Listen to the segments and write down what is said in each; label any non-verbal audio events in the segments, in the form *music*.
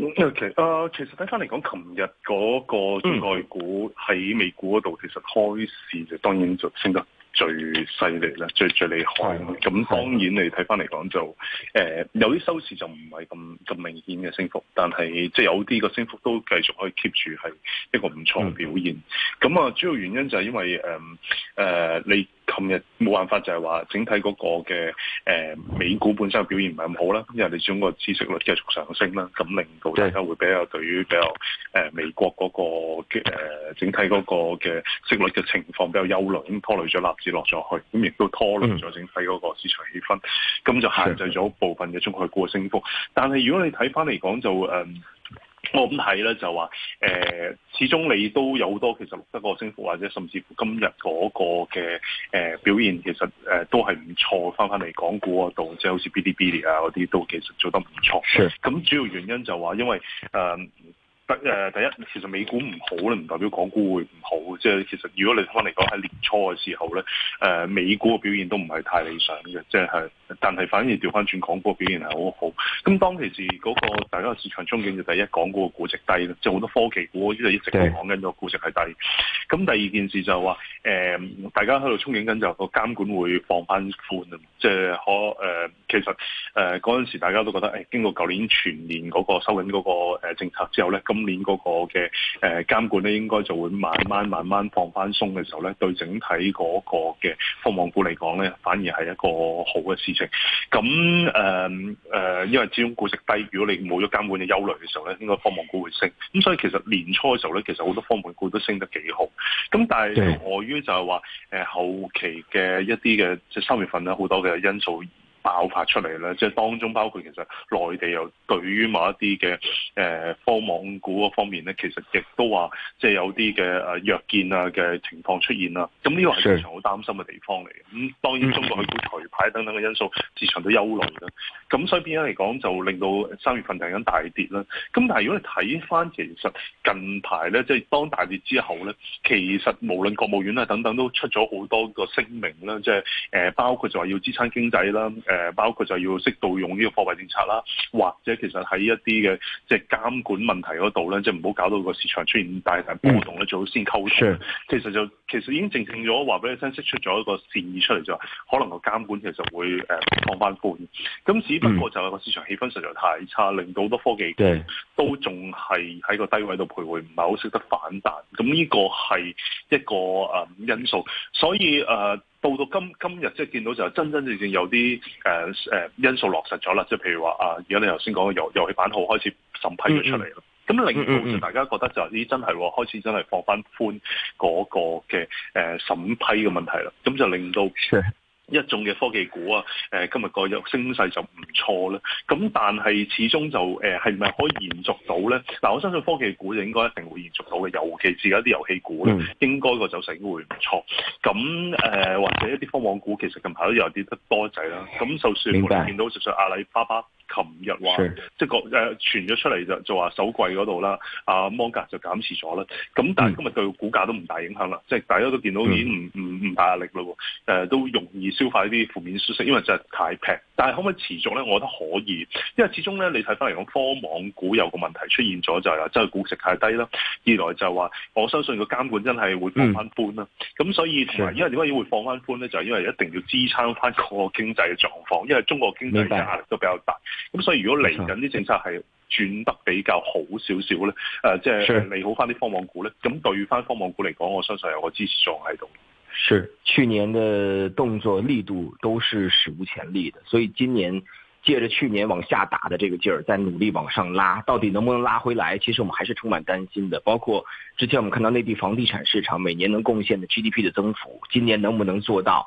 Okay. Uh, 其實其實睇翻嚟講，琴日嗰個中概股喺美股嗰度，其實開市就當然就升得最犀利啦，最最厲害。咁、嗯、當然你睇翻嚟講就誒、嗯呃，有啲收市就唔係咁咁明顯嘅升幅，但係即係有啲個升幅都繼續可以 keep 住係一個唔錯嘅表現。咁、嗯、啊，主要原因就係因為誒誒、呃呃、你。琴日冇辦法就係、是、話整體嗰個嘅、呃、美股本身嘅表現唔係咁好啦，因為你中國債息率繼續上升啦，咁令到大家會比較對於比較、呃、美國嗰個嘅整體嗰個嘅息率嘅情況比較憂慮，咁拖累咗納指落咗去，咁亦都拖累咗整體嗰個市場氣氛，咁就限制咗部分嘅中概股嘅升幅。但係如果你睇翻嚟講就、嗯我咁睇咧就話，誒、呃、始終你都有好多其實錄得個升幅，或者甚至乎今日嗰個嘅誒、呃、表現，其實誒、呃、都係唔錯，翻返嚟港股嗰度，即係好似 Bilibili 啊嗰啲都其實做得唔錯。咁係。主要原因就話，因為誒。呃誒第一，其實美股唔好咧，唔代表港股會唔好。即係其實，如果你翻嚟講喺年初嘅時候咧，誒、呃、美股嘅表現都唔係太理想嘅。即係，但係反而調翻轉，港股嘅表現係好好。咁當其時嗰個大家的市場憧憬就第一，港股嘅估值低，即係好多科技股嗰啲就一直係講緊個估值係低。咁第二件事就話、是、誒、呃，大家喺度憧憬緊就個監管會放翻寬，即係可誒、呃，其實誒嗰陣時大家都覺得誒、哎，經過舊年全年嗰、那個收緊嗰、那個、呃、政策之後咧，咁、嗯。今年嗰個嘅誒監管咧，應該就會慢慢慢慢放翻鬆嘅時候咧，對整體嗰個嘅科網股嚟講咧，反而係一個好嘅事情。咁誒誒，因為始終估值低，如果你冇咗監管嘅憂慮嘅時候咧，應該科網股會升。咁所以其實年初嘅時候咧，其實好多科網股都升得幾好。咁但係礙於就係話，誒後期嘅一啲嘅即係三月份咧，好多嘅因素。爆發出嚟啦，即係當中包括其實內地又對於某一啲嘅誒科網股嗰方面咧，其實亦都話即係有啲嘅誒弱見啊嘅情況出現啦。咁呢個係市場好擔心嘅地方嚟嘅。咁當然中國去股除牌等等嘅因素，市場都憂慮啦。咁所以變咗嚟講就令到三月份突然間大跌啦。咁但係如果你睇翻其實近排咧，即係當大跌之後咧，其實無論國務院啦等等都出咗好多個聲明啦，即係、呃、包括就話要支撐經濟啦。呃誒，包括就要適度用呢個貨幣政策啦，或者其實喺一啲嘅即係監管問題嗰度咧，即係唔好搞到個市場出現大但波動咧，最、嗯、好先溝通。是其實就其實已經正證咗，話俾你聽，釋出咗一個善意出嚟，就可能個監管其實會放翻寬。咁、呃、只不過就係個市場氣氛實在太差，令到好多科技是都仲係喺個低位度徘徊，唔係好識得反彈。咁呢個係一個誒、呃、因素，所以誒。呃到到今今日即係見到就真真正正有啲誒誒因素落實咗啦，即係譬如話啊，而家你頭先講嘅遊遊戲版號開始審批咗出嚟啦，咁、mm hmm. 令到就大家覺得就咦真係開始真係放翻寬嗰、那個嘅誒、呃、審批嘅問題啦，咁就令到。Yeah. 一種嘅科技股啊，誒、呃、今日個升勢就唔錯啦。咁但係始終就誒係咪可以延續到咧？嗱，我相信科技股就應該一定會延續到嘅，尤其係有一啲遊戲股咧，嗯、應該個走勢應該會唔錯。咁誒、呃、或者一啲科網股其實近排都有啲跌得多仔啦。咁白就算我哋見到，就算阿里巴巴。琴日話即係個誒傳咗出嚟就就話首季嗰度啦，阿、啊、芒格就減持咗啦。咁但係今日對股價都唔大影響啦，即、就、係、是、大家都見到已經唔唔唔大壓力咯。誒、呃、都容易消化啲負面消息，因為真係太平。但係可唔可以持續咧？我覺得可以，因為始終咧你睇翻嚟講科網股有個問題出現咗，就係、是、話真係估值太低啦。二來就話我相信個監管真係會放翻寬啦。咁、嗯、所以同埋因為點解要會放翻寬咧？就係、是、因為一定要支撐翻個經濟嘅狀況，因為中國經濟嘅壓力都比較大。咁、嗯、所以如果嚟緊啲政策係轉得比較好少少咧，誒是，即係利好翻啲科網股咧，咁對於翻科網股嚟講，我相信有個支持狀喺度，是去年的動作力度都是史無前例的，所以今年借着去年往下打的這個勁兒，再努力往上拉，到底能不能拉回來？其實我們還是充滿擔心的。包括之前我們看到內地房地產市場每年能貢獻的 GDP 的增幅，今年能不能做到？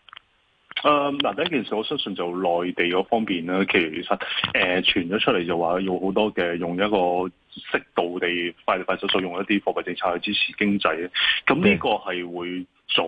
誒嗱、嗯、第一件事，我相信就內地嗰方面咧，其實誒、呃、傳咗出嚟就話用好多嘅用一個適度地，地快快手速用一啲貨幣政策去支持經濟，咧，咁呢個係會做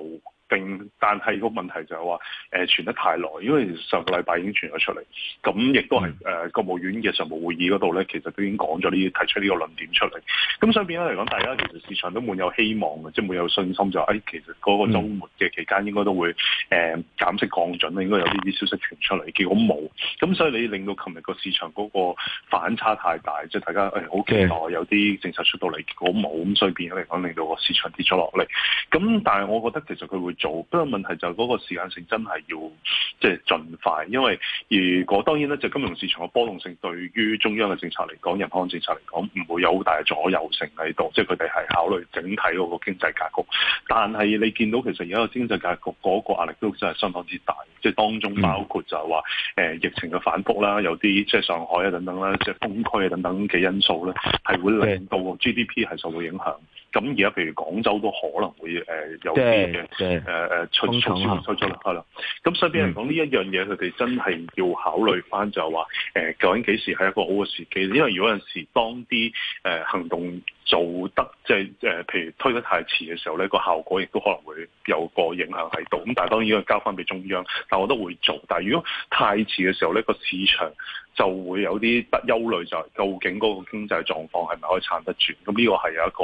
定，但係個問題就係話，誒、呃、傳得太耐，因為上個禮拜已經傳咗出嚟，咁亦都係誒、呃、國務院嘅常務會議嗰度咧，其實都已經講咗呢啲，提出呢個論點出嚟。咁所以變咗嚟講，大家其實市場都滿有希望嘅，即係滿有信心就係，誒、哎、其實嗰個週末嘅期間應該都會誒、呃、減息降準啦，應該有呢啲消息傳出嚟。結果冇，咁所以你令到琴日個市場嗰個反差太大，即係大家誒好、哎、期待的有啲政策出到嚟，結果冇，咁所以變咗嚟講，令到個市場跌咗落嚟。咁但係我覺得其實佢會。做，不過問題就係嗰個時間性真係要即、就是、盡快，因為如果當然咧，就金融市場嘅波動性對於中央嘅政策嚟講，人行政策嚟講，唔會有好大嘅左右性喺度，即係佢哋係考慮整體嗰個經濟格局。但係你見到其實而家個經濟格局嗰個壓力都真係相當之大，即係當中包括就係話、呃、疫情嘅反覆啦，有啲即係上海啊等等啦，即係封區啊等等嘅因素咧，係會令到 GDP 係受到影響。咁而家譬如廣州都可能會誒、呃、有啲嘅誒誒出出出啦，係啦。咁所以俾人講呢一樣嘢，佢哋真係要考慮翻就係話誒究竟幾時係一個好嘅時機。因為如果有陣時當啲誒、呃、行動做得即係、就是呃、譬如推得太遲嘅時候咧，個效果亦都可能會有個影響喺度。咁但係當然要交翻俾中央，但係我都會做。但係如果太遲嘅時候咧，個市場，就會有啲不憂慮，就係、是、究竟嗰個經濟狀況係咪可以撐得住？咁呢個係有一個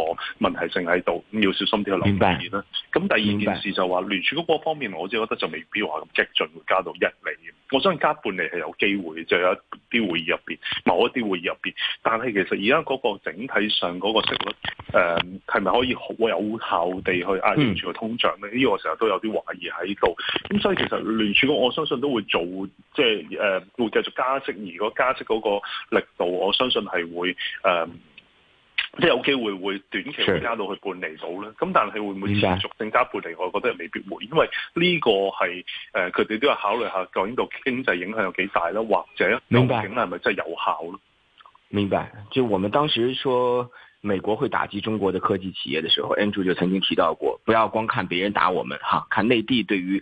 問題性喺度，咁要小心啲去留意啦。明白。咁第二件事就話聯儲局嗰方面，我只係覺得就未必話咁激進，會加到一厘。我相信加半厘係有機會就有一啲會議入面，某一啲會議入面。但係其實而家嗰個整體上嗰、那個息率，誒係咪可以好有效地去壓住住個通脹咧？呢、這個成日都有啲懷疑喺度。咁所以其實聯儲局我相信都會做，即係誒、呃、會繼續加息而，如果加息嗰個力度，我相信係會誒，即、呃、係有機會會短期會加到去半釐到咧。咁是但係會唔會持續性加半釐？白我覺得未必會，因為呢個係誒，佢哋都要考慮下究竟個經濟影響有幾大咧，或者影響係咪真係有效咧？明白。就我們當時說美國會打擊中國嘅科技企業嘅時候，Andrew 就曾經提到過，不要光看別人打我們，哈，看內地對於，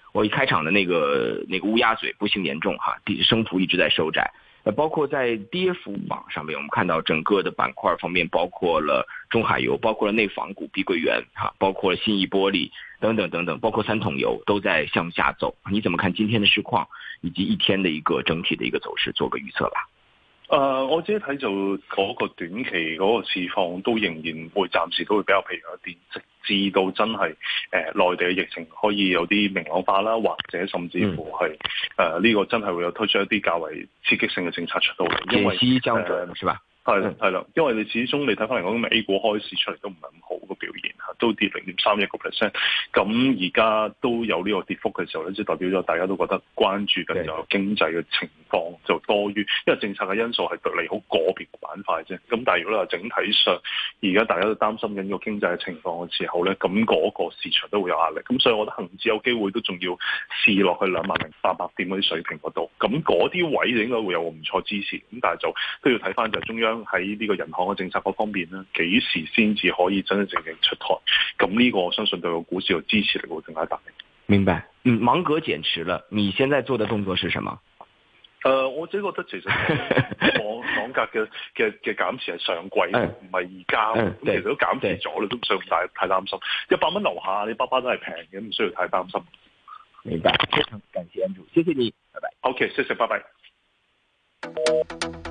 我一開場的那個那個烏鴉嘴不幸嚴重哈，跌、啊、升幅一直在收窄。包括在跌幅榜上面，我們看到整個的板塊方面，包括了中海油，包括了內房股碧桂園哈、啊，包括信義玻璃等等等等，包括三桶油都在向下走。你怎麼看今天的市況以及一天的一個整體的一個走勢？做個預測吧。呃，我只是睇就，嗰個短期嗰、那個市況都仍然會暫時都會比較疲弱一點，直至到真係。誒、呃、內地嘅疫情可以有啲明朗化啦，或者甚至乎係誒呢個真係會有推出一啲較為刺激性嘅政策出到嚟，因為誒。係啦，係啦，因為你始終你睇翻嚟講，A 股開市出嚟都唔係咁好個表現吓，都跌零點三一個 percent。咁而家都有呢個跌幅嘅時候咧，即係代表咗大家都覺得關注緊有經濟嘅情況就多於，因為政策嘅因素係利好個別嘅板塊啫。咁但係如果你話整體上，而家大家都擔心緊個經濟嘅情況嘅時候咧，咁嗰個市場都會有壓力。咁所以我覺得恒指有機會都仲要試落去兩萬零八百點嗰啲水平嗰度，咁嗰啲位應該會有唔錯支持。咁但係就都要睇翻就中央。喺呢個人行嘅政策嗰方面咧，幾時先至可以真真正，正正出台？咁呢個我相信對個股市嘅支持力會更加大。明白。嗯，芒格減持了，你現在做嘅動作是什麼？誒、呃，我自己覺得其實芒芒格嘅嘅嘅減持係上季唔係而家，其實都減持咗啦，哎、都唔需要太大太擔心。一百蚊樓下，你巴巴都係平嘅，唔需要太擔心。明白。非常感謝安主，謝謝你，拜拜。OK，謝謝，拜拜。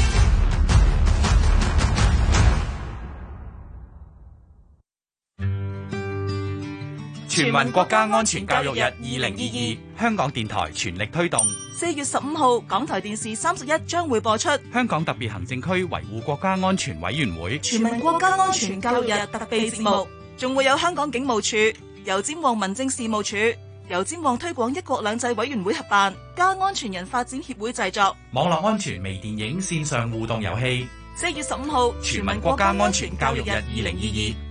全民國家安全教育日二零二二，香港電台全力推動。四月十五號，港台電視三十一將會播出香港特別行政區維護國家安全委員會，全民國家安全教育日特備節目，仲會有香港警務處、油尖旺民政事務處、油尖旺推廣一國兩制委員會合辦，加安全人發展協會製作網絡安全微電影、線上互動遊戲。四月十五號，全民國家安全教育日二零二二。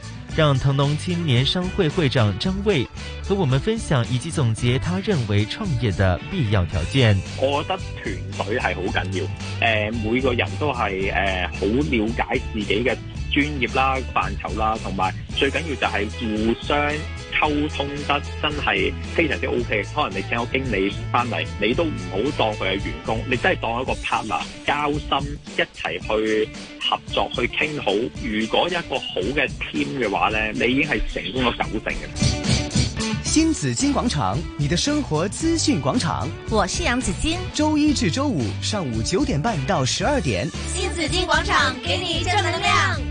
讓騰農青年商會會長張衛和我們分享，以及總結他認為創業的必要條件。我覺得團隊係好緊要，誒、呃，每個人都係誒好了解自己嘅專業啦、範疇啦，同埋最緊要就係互相。溝通得真係非常之 OK，可能你請個經理翻嚟，你都唔好當佢係員工，你真係當一個 partner 交心一齊去合作，去傾好。如果一個好嘅 team 嘅話呢，你已經係成功咗九成嘅。新紫荊廣場，你的生活資訊廣場，我是楊子矜，周一至周五上午九點半到十二點，新紫荊廣場給你正能量。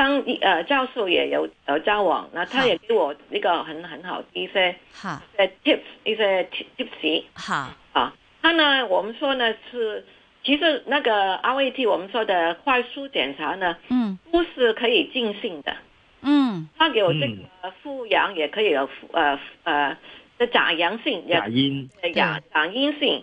當呃教授，也有有交往，那他也給我一個很好一個很，很好的一些嘅 tips，好一些 tips。好，啊，他呢，我們說呢是，其實那個 RAT 我們說的快速檢查呢，嗯，都是可以盡信的。嗯，他給我這個復陽也可以有，嗯、呃，誒、呃，假、呃、陽性，假陰，假假陰性。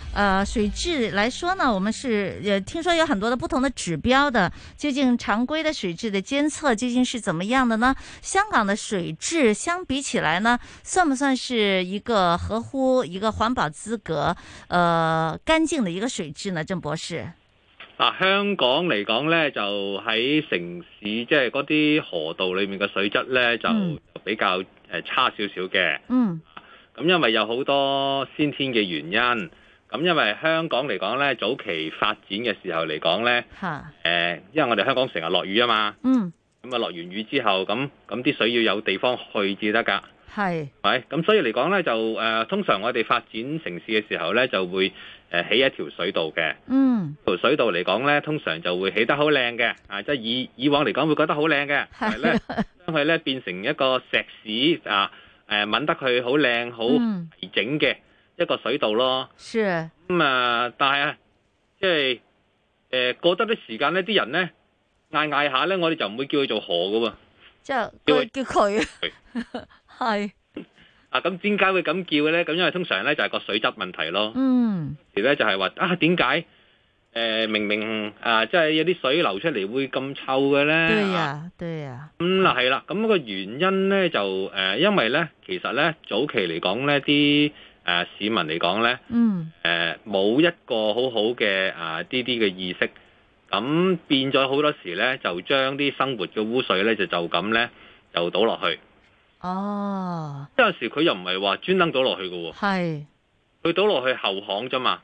呃水質來說呢，我們是，誒聽說有很多的不同的指標的，究竟常規的水質的監測究竟是怎麼樣的呢？香港的水質相比起來呢，算不算是一個合乎一個環保資格，呃乾淨的一個水質呢？鄭博士，啊香港嚟講呢就喺城市即係嗰啲河道裏面嘅水質呢，就比較誒差少少嘅。嗯。咁、嗯、因為有好多先天嘅原因。咁因為香港嚟講咧，早期發展嘅時候嚟講咧，誒，的嗯、因為我哋香港成日落雨啊嘛，咁啊落完雨之後，咁咁啲水要有地方去至得㗎，係咁的、嗯、所以嚟講咧，就誒通常我哋發展城市嘅時候咧，就會誒起一條水道嘅，嗯、條水道嚟講咧，通常就會起得好靚嘅，啊、就是，即係以以往嚟講會覺得好靚嘅，是的 但係咧將佢咧變成一個石屎啊，誒揾得佢好靚好整嘅。嗯一個水道咯，咁啊，但係啊，即係誒，過得啲時間咧，啲人咧嗌嗌下咧，我哋就唔會叫佢做河噶喎，即係叫叫佢係啊。咁點解會咁叫嘅咧？咁因為通常咧就係個水質問題咯。嗯，其實咧就係話啊，點解誒明明啊，即係有啲水流出嚟會咁臭嘅咧？對呀，對呀。咁嗱，係啦，咁個原因咧就誒，因為咧其實咧早期嚟講咧啲。誒、啊、市民嚟講咧，誒冇、嗯啊、一個好好嘅啊啲啲嘅意識，咁變咗好多時咧，就將啲生活嘅污水咧就呢就咁咧就倒落去。哦，有時佢又唔係話專登倒落去嘅喎，係佢倒落去後巷啫嘛。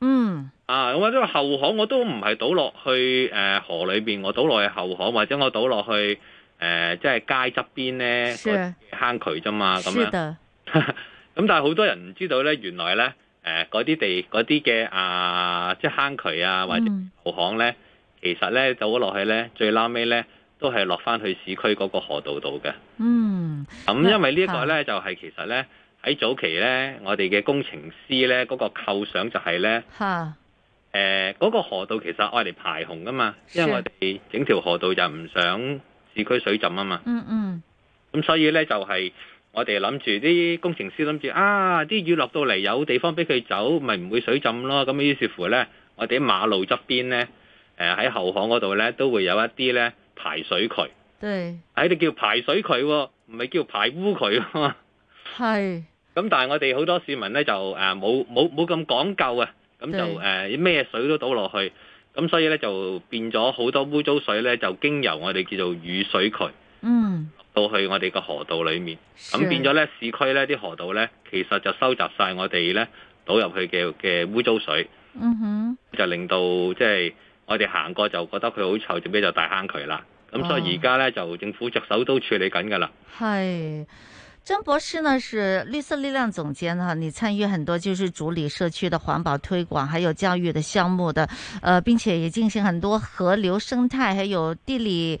嗯，啊咁或者係後巷我都唔係倒落去誒、呃、河裏邊，我倒落去後巷或者我倒落去誒即係街側邊咧是個坑渠啫嘛咁樣。的 *laughs* 咁、嗯、但係好多人唔知道呢，原來呢誒嗰啲地、嗰啲嘅啊，即係坑渠啊，或者河巷呢，嗯、其實呢走咗落去呢，最拉尾呢都係落翻去市區嗰個河道度嘅。嗯，咁、嗯、因為呢一個呢，是的就係其實呢，喺早期呢，我哋嘅工程師呢嗰、那個構想就係呢，誒嗰的、呃那個河道其實愛嚟排洪噶嘛，的因為我哋整條河道就唔想市區水浸啊嘛。嗯嗯，咁、嗯、所以呢，就係、是。我哋諗住啲工程師諗住啊，啲雨落到嚟，有地方俾佢走，咪唔會水浸咯。咁於是乎呢，我哋喺馬路側邊呢，誒、呃、喺後巷嗰度呢，都會有一啲呢排水渠。對，喺度、啊、叫排水渠，唔係叫排污渠。係是。咁但係我哋好多市民呢，就誒冇冇冇咁講究啊，咁就誒咩對、呃、水都倒落去，咁所以呢，就變咗好多污糟水呢，就經由我哋叫做雨水渠。嗯。到去我哋個河道裏面，咁變咗咧，市區呢啲河道咧，其實就收集晒我哋咧倒入去嘅嘅污糟水，mm hmm. 就令到即係我哋行過就覺得佢好臭，最咩就大坑渠啦。咁所以而家咧就政府着手都處理緊噶啦。係，鄭博士呢，是綠色力量總監哈，你參與很多就是主理社區的環保推廣，還有教育的項目的，呃，並且也進行很多河流生態，還有地理。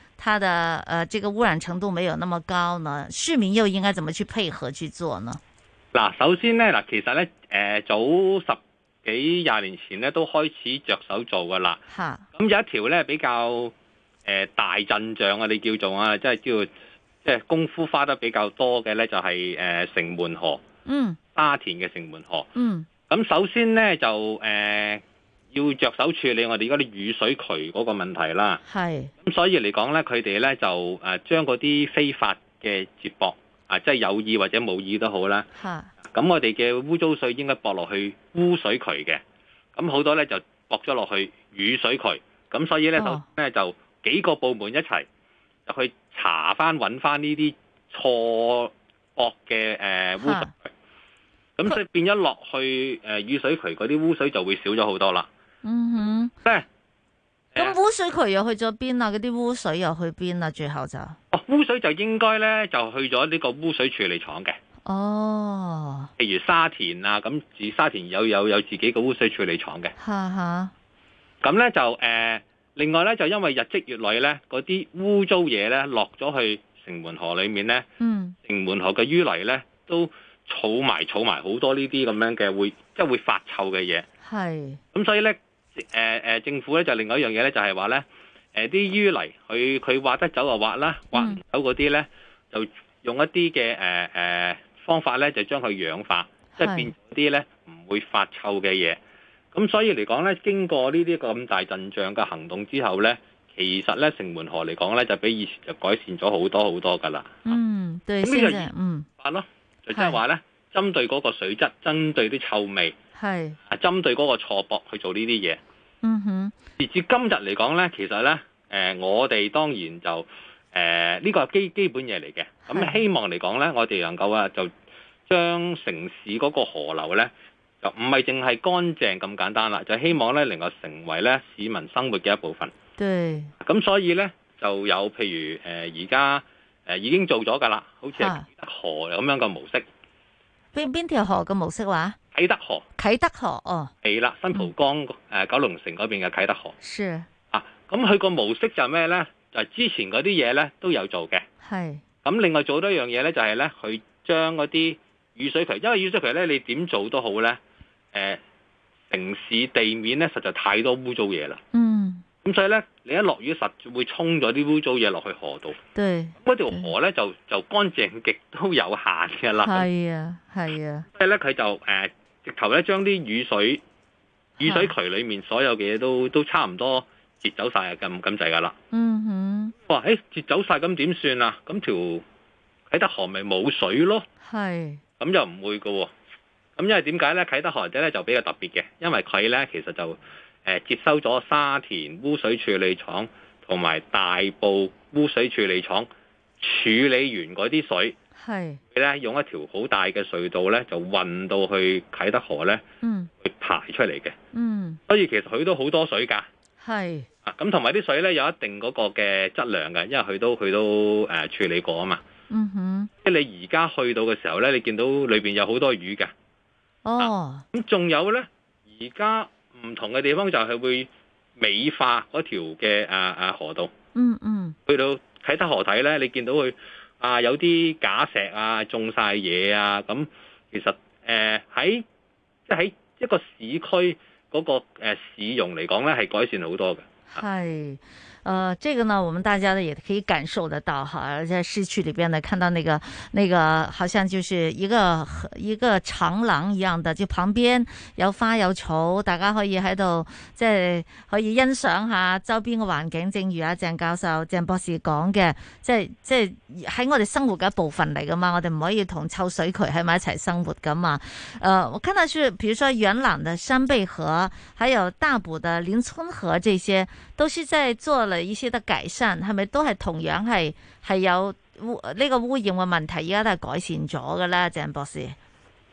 它的誒、呃，這個污染程度沒有那麼高呢，市民又應該怎麼去配合去做呢？嗱，首先呢，嗱，其實呢，誒、呃，早十幾廿年前呢，都開始着手做噶啦。吓咁哈有一條呢，比較誒、呃、大陣仗啊，你叫做啊，即係叫即係功夫花得比較多嘅呢，就係、是、誒、呃、城門河。嗯。沙田嘅城門河。嗯。咁首先呢，就誒。呃要着手處理我哋而家啲雨水渠嗰個問題啦，係咁是所以嚟講咧，佢哋咧就誒將嗰啲非法嘅接駁啊，即係有意或者冇意都好啦，嚇咁是我哋嘅污糟水應該駁落去污水渠嘅，咁好多咧就駁咗落去雨水渠，咁所以咧就咧就幾個部門一齊去查翻揾翻呢啲錯駁嘅誒污水渠，咁是所以變咗落去誒雨水渠嗰啲污水就會少咗好多啦。嗯哼，咁污水渠又去咗邊啦？嗰啲污水又去邊啦？最後就哦，污水就應該咧就去咗呢個污水處理廠嘅。哦，譬如沙田啊，咁自沙田有有有自己個污水處理廠嘅。吓吓哈，咁咧就誒、呃，另外咧就因為日積月累咧，嗰啲污糟嘢咧落咗去城門河裏面咧，嗯，城門河嘅淤泥咧都儲埋儲埋好多呢啲咁樣嘅會即係、就是、會發臭嘅嘢。係是，咁、嗯、所以咧。誒誒、呃，政府咧就另外一樣嘢咧，就係話咧，誒啲淤泥，佢佢挖得走就挖啦，嗯、挖唔走嗰啲咧，就用一啲嘅誒誒方法咧，就將佢氧化，是即係變啲咧唔會發臭嘅嘢。咁所以嚟講咧，經過呢啲咁大陣仗嘅行動之後咧，其實咧城門河嚟講咧，就比以前就改善咗好多好多噶啦。嗯，對，咁呢個氧化法咯，嗯、就即係話咧，針是對嗰個水質，針對啲臭味。係。針對嗰個錯駁去做呢啲嘢。嗯哼。直至今日嚟講咧，其實咧、呃，我哋當然就誒，呢、呃呢個係基基本嘢嚟嘅。咁希望嚟講咧，的我哋能夠啊，就將城市嗰個河流咧，就唔係淨係乾淨咁簡單啦，就希望咧能夠成為咧市民生活嘅一部分。咁對所以咧，就有譬如誒，而、呃、家、呃、已經做咗㗎啦，好似係河咁樣嘅模式。邊邊、啊、條河嘅模式話、啊？啟德河，啟德河哦，係啦，新蒲崗，誒、嗯，九龍城嗰邊嘅啟德河。是啊，咁佢個模式就咩咧？就是、之前嗰啲嘢咧都有做嘅。係是。咁、嗯、另外做多一樣嘢咧，就係咧，佢將嗰啲雨水渠，因為雨水渠咧，你點做都好咧，誒、呃，城市地面咧，實在太多污糟嘢啦。嗯。咁、嗯、所以咧，你一落雨實會衝咗啲污糟嘢落去河度。對。嗰條河咧就對就乾淨極都有限嘅啦。係啊，係啊。即係咧，佢就誒。直頭咧，將啲雨水、雨水渠裏面所有嘅嘢都的都差唔多截走晒，啊！咁咁滯噶啦。嗯哼。哇話、欸：，截走晒咁點算啊？咁條啟德河咪冇水咯。係的。咁又唔會㗎喎、啊。咁因為點解咧？啟德河仔咧就比較特別嘅，因為佢咧其實就接收咗沙田污水處理廠同埋大埔污水處理廠處理完嗰啲水。係佢咧用一條好大嘅隧道咧，就運到去啟德河咧，嗯，去排出嚟嘅，嗯，所以其實佢都好多水噶，係是啊，咁同埋啲水咧有一定嗰個嘅質量嘅，因為佢都佢都誒、呃、處理過啊嘛，嗯哼，即係你而家去到嘅時候咧，你見到裏邊有好多魚噶，哦，咁仲、啊、有咧，而家唔同嘅地方就係會美化嗰條嘅啊啊河道，嗯嗯，去到啟德河底咧，你見到佢。啊！有啲假石啊，種晒嘢啊，咁其實誒喺即喺一個市區嗰個誒市容嚟講咧，係改善好多嘅。係。呃，這個呢，我們大家呢也可以感受得到哈，在市區裏邊呢，看到那個那個，好像就是一個一個長廊一樣的，就旁邊有花有草，大家可以喺度即係可以欣賞下周邊嘅環境正，啊。正如阿鄭教授、鄭博士講嘅，即係即係喺我哋生活嘅一部分嚟噶嘛，我哋唔可以同臭水渠喺埋一齊生活噶嘛。呃，我看到是比如說元朗的山貝河，還有大埔的林村河，這些都是在做。意思得解善，係咪都係同樣係係有污呢個污染嘅問題？而家都係改善咗噶啦，鄭博士。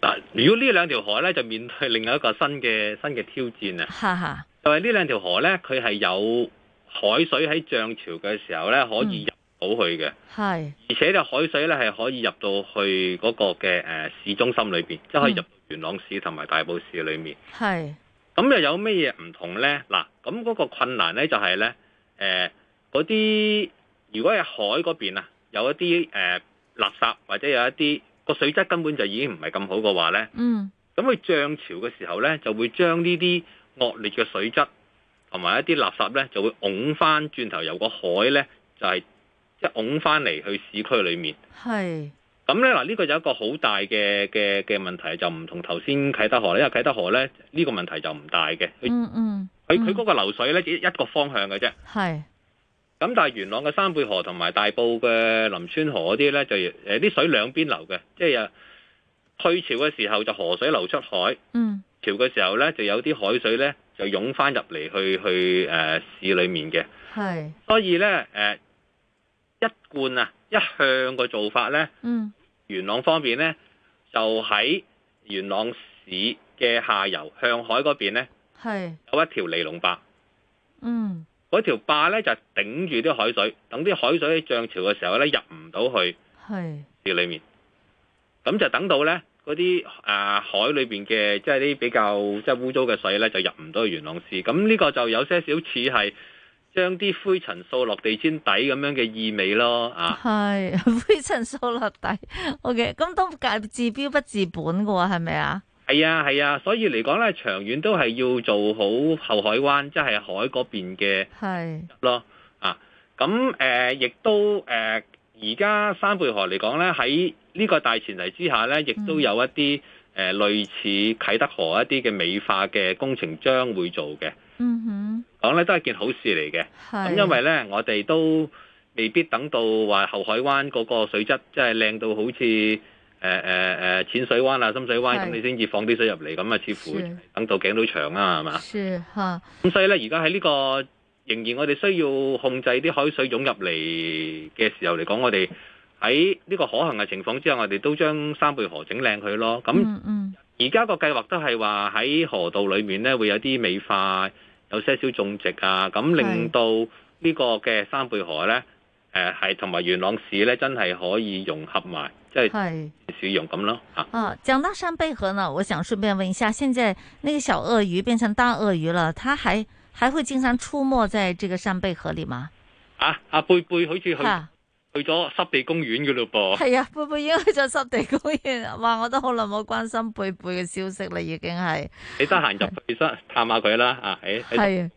嗱，如果這兩條呢兩條河咧，就面對另外一個新嘅新嘅挑戰啊！哈哈， *laughs* 就係呢兩條河咧，佢係有海水喺漲潮嘅時候咧，可以入到去嘅。係、嗯，而且嘅是海水咧係可以入到去嗰個嘅誒市中心裏邊，嗯、即係入元朗市同埋大埔市裏面。係是，咁又有咩嘢唔同咧？嗱，咁嗰個困難咧就係咧。誒嗰啲，如果係海嗰邊啊，有一啲誒、呃、垃圾或者有一啲個水質根本就已經唔係咁好嘅話咧，嗯，咁佢漲潮嘅時候咧，就會將呢啲惡劣嘅水質同埋一啲垃圾咧，就會拱翻轉頭由個海咧，就係即拱翻嚟去市區裏面。係。咁咧嗱，呢個有一個好大嘅嘅嘅問題，就唔同頭先啟德河咧。因為啟德河咧呢、呢個問題就唔大嘅、嗯。嗯嗯。佢佢嗰個流水咧只、嗯、一個方向嘅啫。係是。咁但係元朗嘅山貝河同埋大埔嘅林村河嗰啲咧，就誒啲、呃、水兩邊流嘅，即係有退潮嘅時候就河水流出海。嗯。潮嘅時候咧，就有啲海水咧就湧翻入嚟去去、呃、市裏面嘅。係是。所以咧、呃、一貫啊一向個做法咧。嗯。元朗方面呢，就喺元朗市嘅下游向海嗰邊呢，係是有一條尼龍壩。嗯，嗰條壩呢，就係頂住啲海水，等啲海水漲潮嘅時候呢，入唔到去市裏面。咁是就等到呢嗰啲、呃、海裏面嘅即係啲比較即係污糟嘅水呢，就入唔到去元朗市。咁呢個就有些少似係。將啲灰塵掃落地氈底咁樣嘅意味咯，啊，係灰塵掃落地，OK，咁都介治標不治本嘅喎，係咪啊？係啊，係啊，所以嚟講咧，長遠都係要做好後海灣，即係海嗰邊嘅係咯，係啊，咁誒，亦都誒，而家山貝河嚟講咧，喺呢個大前提之下咧，亦都有一啲誒類似啟德河一啲嘅美化嘅工程將會做嘅。嗯哼，講咧都係一件好事嚟嘅，咁是因為咧我哋都未必等到話後海灣嗰個水質即係靚到好似誒誒誒淺水灣啊深水灣咁是你先至放啲水入嚟，咁啊似乎等到頸都長是嗎啊，係嘛？咁所以咧而家喺呢個仍然我哋需要控制啲海水湧入嚟嘅時候嚟講，我哋喺呢個可行嘅情況之下，我哋都將三貝河整靚佢咯。咁，嗯，而家個計劃都係話喺河道裏面咧會有啲美化。有些少種植啊，咁令到個呢個嘅山貝河咧，誒係同埋元朗市咧，真係可以融合埋，即係是少融咁咯，吓。啊，講到山貝河呢，我想順便問一下，現在那個小鱷魚變成大鱷魚了，它還還會經常出沒在這個山貝河裏嗎？啊，阿貝貝好似去、啊。去咗濕地公園㗎喇噃，係啊，貝貝已經去咗濕地公園，哇！我都好耐冇關心貝貝嘅消息啦，已經係。你得閒入去探下佢啦，吓，係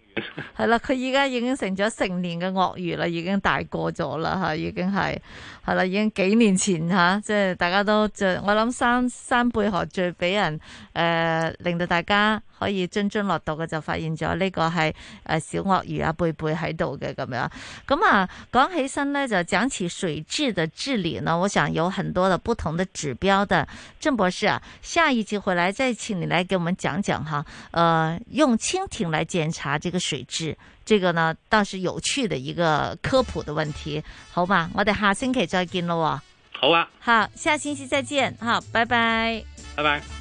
係啦，佢而家已經成咗成年嘅鱷魚啦，已經大個咗啦，吓，已經係係啦，已經幾年前吓，啊，即係大家都最，我諗山山貝河最俾人誒、呃、令到大家。可以津津樂道嘅就發現咗、啊、呢個係誒小鱷魚阿貝貝喺度嘅咁樣，咁啊講起身咧就講起水質嘅治理呢，我想有很多的不同的指標的。鄭博士啊，下一集回來再請你來給我們講講哈，呃，用蜻蜓來檢查這個水質，這個呢倒是有趣的一個科普的問題，好吧？我哋下星期再見咯喎。好啊吧。好，下星期再見，好，拜拜。拜拜。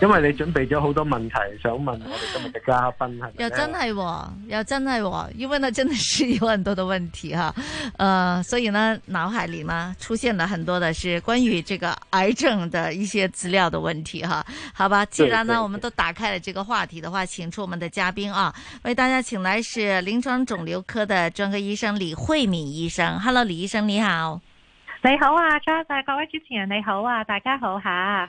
因為你準備咗好多問題想問我哋今日嘅嘉賓係，又真係，又真係，因為呢真的是有很多的問題吓，誒、啊，所以呢腦海裏呢出現了很多的是關於這個癌症的一些資料的問題哈、啊，好吧，既然呢我們都打開了這個話題的話，請出我們的嘉賓啊，為大家請來是臨床腫瘤科的專科醫生李慧敏醫生。Hello，李醫生你好，你好啊，家大各位主持人你好啊，大家好吓、啊。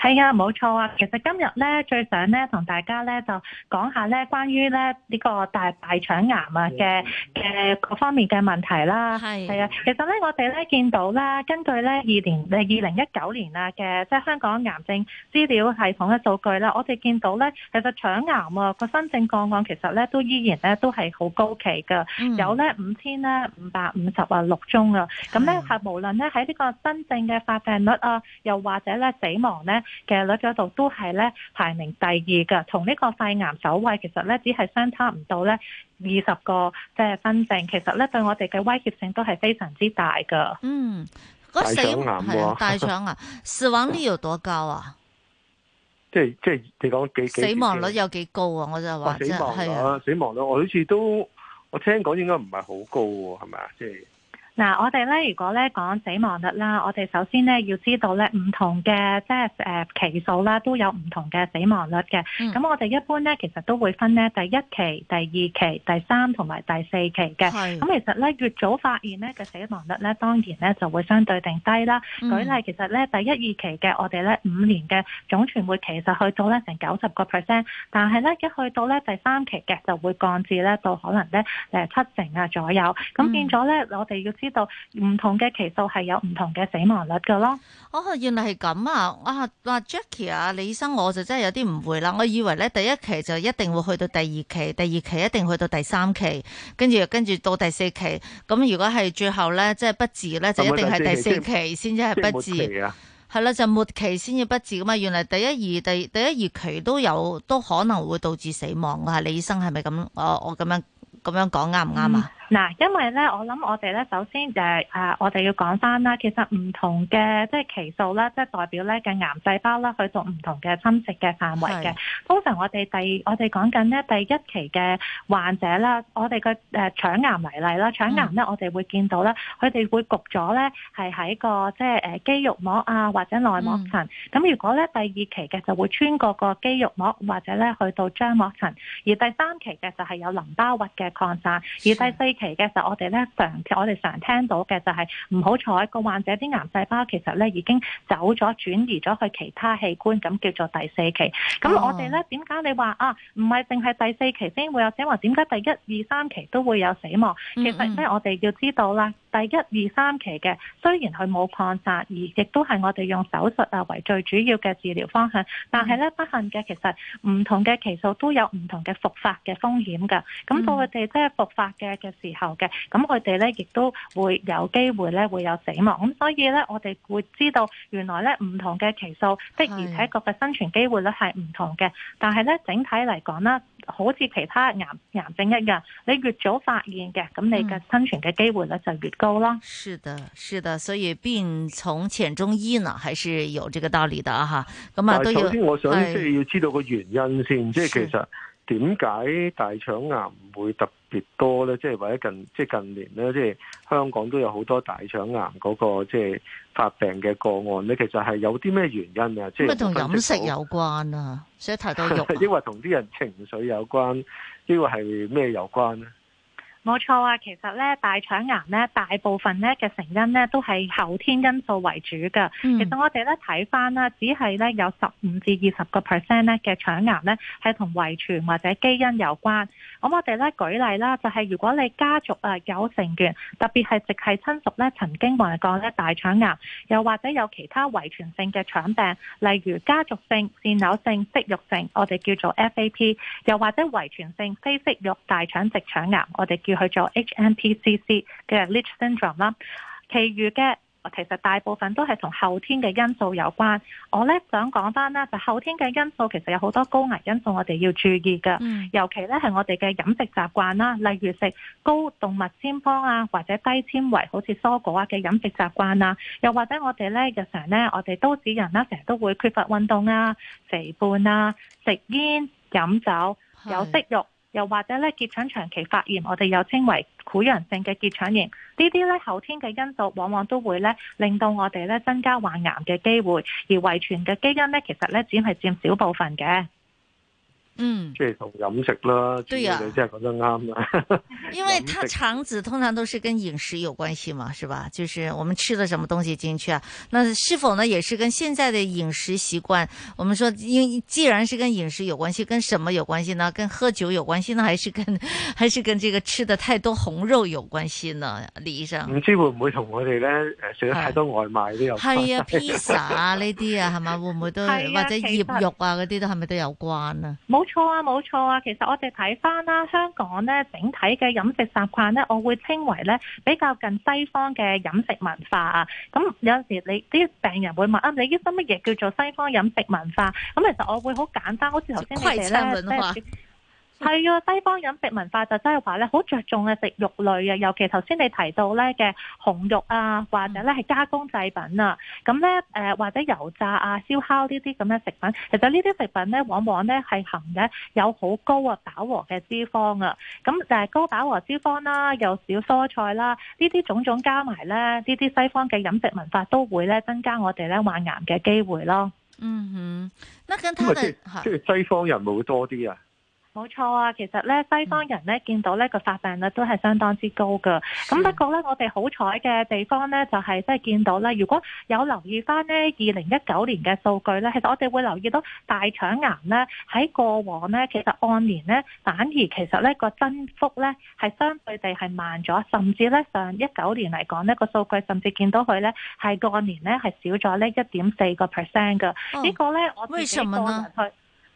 係啊，冇錯啊。其實今日咧，最想咧同大家咧就講下咧關於咧呢、這個大大腸癌啊嘅嘅各方面嘅問題啦。係的啊，其實咧我哋咧見到啦，根據咧二零二零一九年啊嘅即係香港癌症資料系統嘅數據啦，我哋見到咧其實腸癌啊個新症個案其實咧都依然咧都係好高企㗎。嗯、有咧五千咧五百五十啊六宗啊。咁咧係無論咧喺呢個新症嘅發病率啊，又或者咧死亡咧。嘅率嗰度都係咧排名第二噶，同呢個肺癌首位其實咧只係相差唔到咧二十個即係分症，其實咧對我哋嘅威脅性都係非常之大噶。嗯，個死亡，大腸啊死亡率死亡率死亡率有多高啊？即係即係你講幾死亡率有幾高啊？我就話死亡率死亡率，我好似都我聽講應該唔係好高係咪啊？是即係。嗱，我哋咧如果咧講死亡率啦，我哋首先咧要知道咧唔同嘅即係誒期數啦，都有唔同嘅死亡率嘅。咁、嗯、我哋一般咧其實都會分咧第一期、第二期、第三同埋第四期嘅。咁是其實咧越早發現咧嘅死亡率咧當然咧就會相對定低啦。嗯、舉例其實咧第一二期嘅我哋咧五年嘅總存活期其實去到咧成九十個 percent，但係咧一去到咧第三期嘅就會降至咧到可能咧、呃、七成啊左右。咁、嗯、變咗咧我哋要知。唔同嘅期數係有唔同嘅死亡率噶咯。哦，原來係咁啊！啊，啊，Jackie 啊，李醫生我就真係有啲唔會啦。我以為咧第一期就一定會去到第二期，第二期一定去到第三期，跟住跟住到第四期。咁如果係最後咧，即係不治咧，就一定係第四期先至係不治。係啦、嗯啊，就末期先至不治噶嘛。原來第一二第第一二期都有都可能會導致死亡。啊。李醫生，係咪咁？我我咁樣咁樣講啱唔啱啊？嗯嗱，因為咧，我諗我哋咧，首先誒啊、呃，我哋要講翻啦，其實唔同嘅即係期數啦，即係代表咧嘅癌細胞啦，去到唔同嘅侵蝕嘅範圍嘅。是通常我哋第我哋講緊咧第一期嘅患者啦，我哋嘅誒腸癌為例啦，腸癌咧我哋會見到咧，佢哋會焗咗咧係喺個即係肌肉膜啊或者內膜層。咁、嗯、如果咧第二期嘅就會穿過個肌肉膜或者咧去到張膜層，而第三期嘅就係有淋巴結嘅擴散，是而第四期嘅時候，我哋咧，常我哋常聽到嘅就係唔好彩，個患者啲癌細胞其實咧，已經走咗轉移咗去其他器官，咁叫做第四期。咁我哋咧點解你話啊？唔係淨係第四期先會有死亡，點解第一二三期都會有死亡？嗯，嗯，其實咧我哋要知道啦。第一、二、三期嘅，雖然佢冇擴散，而亦都係我哋用手術啊為最主要嘅治療方向，但係咧、嗯、不幸嘅，其實唔同嘅期數都有唔同嘅復發嘅風險㗎。咁到佢哋即係復發嘅嘅時候嘅，咁佢哋咧亦都會有機會咧會有死亡。咁所以咧，我哋會知道原來咧唔同嘅期數的而且確嘅生存機會率係唔同嘅。是的 但係咧整體嚟講啦，好似其他癌癌症一樣，你越早發現嘅，咁你嘅生存嘅機會咧就越。夠啦，夠是的，是的，所以病從淺中醫呢，還是有這個道理的哈。咁啊，那麼都有。首先我想即係要知道個原因先，是即係其實點解大腸癌唔會特別多呢？即係或者近即係近年呢，即係香港都有好多大腸癌嗰，那個即係發病嘅個案呢，其實係有啲咩原因啊？即係同飲食有關啊，所以太多肉，啊，抑 *laughs* 或同啲人情緒有關？呢個係咩有關咧？冇錯啊，其實咧大腸癌咧大部分咧嘅成因咧都係後天因素為主㗎。嗯、其實我哋咧睇翻啦，只係咧有十五至二十個 percent 咧嘅腸癌咧係同遺傳或者基因有關。咁我哋咧舉例啦，就係如果你家族啊有成員，特別係直係親屬咧曾經患過咧大腸癌，又或者有其他遺傳性嘅腸病，例如家族性腺瘤性息肉症，我哋叫做 FAP，又或者遺傳性非息肉大腸直腸癌，我哋叫去做 HNPCC 嘅 Lynch syndrome 啦，其餘嘅其實大部分都係同後天嘅因素有關。我咧想講翻啦，就後天嘅因素其實有好多高危因素，我哋要注意嘅。嗯、尤其咧係我哋嘅飲食習慣啦，例如食高動物脂肪啊，或者低纖維，好似蔬果啊嘅飲食習慣啊，又或者我哋咧日常咧，我哋都市人啦，成日都會缺乏運動啊，肥胖啊，食煙飲酒，有息肉。是又或者咧結腸長期發炎，我哋又稱為潰瘍性嘅結腸炎，呢啲咧後天嘅因素往往都會咧令到我哋咧增加患癌嘅機會，而遺傳嘅基因咧其實咧只係佔少部分嘅。嗯，即係同飲食啦，對啊、你真係講得啱啊！ *laughs* 因為他腸子通常都是跟飲食有關係嘛，是吧？就是我們吃了什麼東西進去啊？那是否呢，也是跟現在的飲食習慣？我們說，因既然是跟飲食有關係，跟什麼有關係呢？跟喝酒有關係，呢？還是跟，還是跟這個吃的太多紅肉有關係呢？李醫生，唔知會唔會同我哋咧？誒，食咗太多外賣都有關係？係啊 pizza 呢啲啊，係嘛、啊？ *laughs* 會唔會都呀或者醃實肉啊嗰啲都係咪都有關啊？錯啊，冇錯啊。其實我哋睇翻啦，香港咧整體嘅飲食習慣咧，我會稱為咧比較近西方嘅飲食文化啊。咁有時你啲病人會問啊，你醫生乜嘢叫做西方飲食文化？咁其實我會好簡單，好似頭先話咧。係啊，西方飲食文化就真係話咧，好着重嘅食肉類啊，尤其頭先你提到咧嘅紅肉啊，或者咧係加工製品啊，咁咧誒或者油炸啊、燒烤呢啲咁嘅食品，其實呢啲食品咧往往咧係含咧有好高啊飽和嘅脂肪啊，咁、就、誒、係、高飽和脂肪啦，又少蔬菜啦，呢啲種種加埋咧，呢啲西方嘅飲食文化都會咧增加我哋咧患癌嘅機會咯。嗯哼，咁即即係西方人會多啲啊？冇錯啊，其實咧西方人咧見到咧個發病率都係相當之高噶。咁不過咧，我哋好彩嘅地方咧，就係即係見到咧，如果有留意翻呢，二零一九年嘅數據咧，其實我哋會留意到大腸癌咧喺過往咧，其實按年咧反而其實咧個增幅咧係相對地係慢咗，甚至咧上一九年嚟講呢個數據，甚至見到佢咧係過年咧係少咗呢一點四個 percent 嘅。呢個咧我自己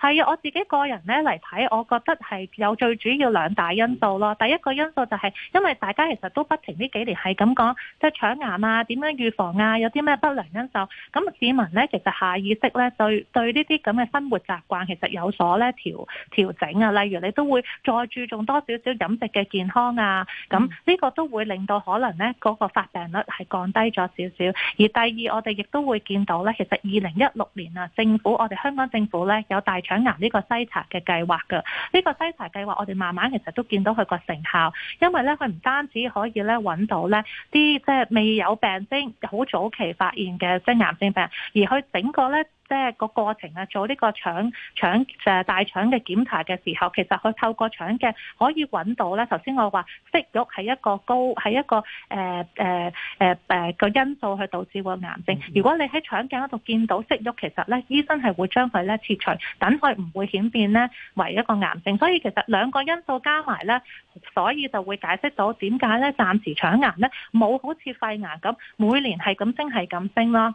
係啊，我自己個人咧嚟睇，我覺得係有最主要兩大因素咯。第一個因素就係、是、因為大家其實都不停呢幾年係咁講，即係腸癌啊，點樣預防啊，有啲咩不良因素。咁市民咧其實下意識咧對對呢啲咁嘅生活習慣其實有所咧調調整啊。例如你都會再注重多少少飲食嘅健康啊。咁呢個都會令到可能咧嗰、那個發病率係降低咗少少。而第二我哋亦都會見到咧，其實二零一六年啊，政府我哋香港政府咧有大腸。揀癌呢個篩查嘅計劃嘅，呢、呢個篩查計劃我哋慢慢其實都見到佢個成效，因為咧佢唔單止可以咧揾到咧啲即係未有病徵、好早期發現嘅即癌症病，而佢整個咧。即係個過程啊，做呢個腸腸誒大腸嘅檢查嘅時候，其實佢透過腸鏡可以揾到咧。頭先我話息肉係一個高係一個誒誒誒誒個因素去導致個癌症。如果你喺腸鏡嗰度見到息肉，其實咧醫生係會將佢咧切除，等佢唔會顯變咧為一個癌症。所以其實兩個因素加埋咧，所以就會解釋到點解咧暫時腸癌咧冇好似肺癌咁每年係咁升係咁升囉。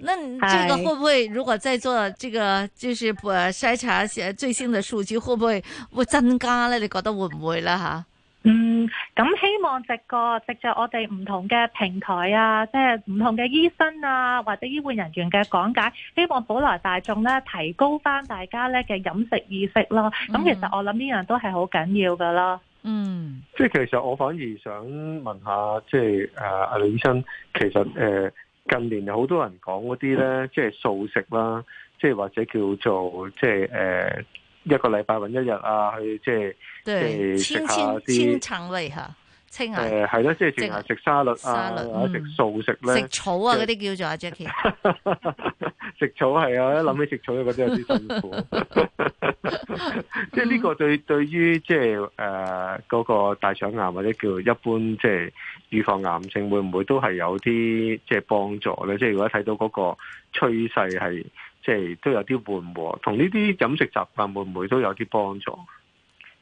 那這個會不會如果再做這個，就是篩查最新的數據，會不會會增加呢？你覺得會唔會啦？吓，嗯，咁希望藉個藉着我哋唔同嘅平台啊，即係唔同嘅醫生啊，或者醫護人員嘅講解，希望普羅大眾咧提高翻大家咧嘅飲食意識咯。咁、嗯、其實我諗呢樣都係好緊要噶咯。嗯，即係其實我反而想問一下，即係、啊、誒，阿李醫生，其實誒。呃近年有好多人講嗰啲咧，即係素食啦，即係或者叫做即係誒、呃、一個禮拜揾一日啊，去即係食一下一清清清腸胃嚇。誒，係咯，即係成日食沙律啊，食、嗯、素食咧，食草啊嗰啲叫做阿 j a c k 啊，Jackie、 *laughs* 食草係啊，一諗起食草都覺得有啲辛苦。即係呢個對對於即係誒嗰個大腸癌或者叫一般即係預防癌症，會唔會都係有啲即係幫助咧？即、就、係、是、如果睇到嗰個趨勢係即係都有啲緩和，同呢啲飲食習慣會唔會都有啲幫助？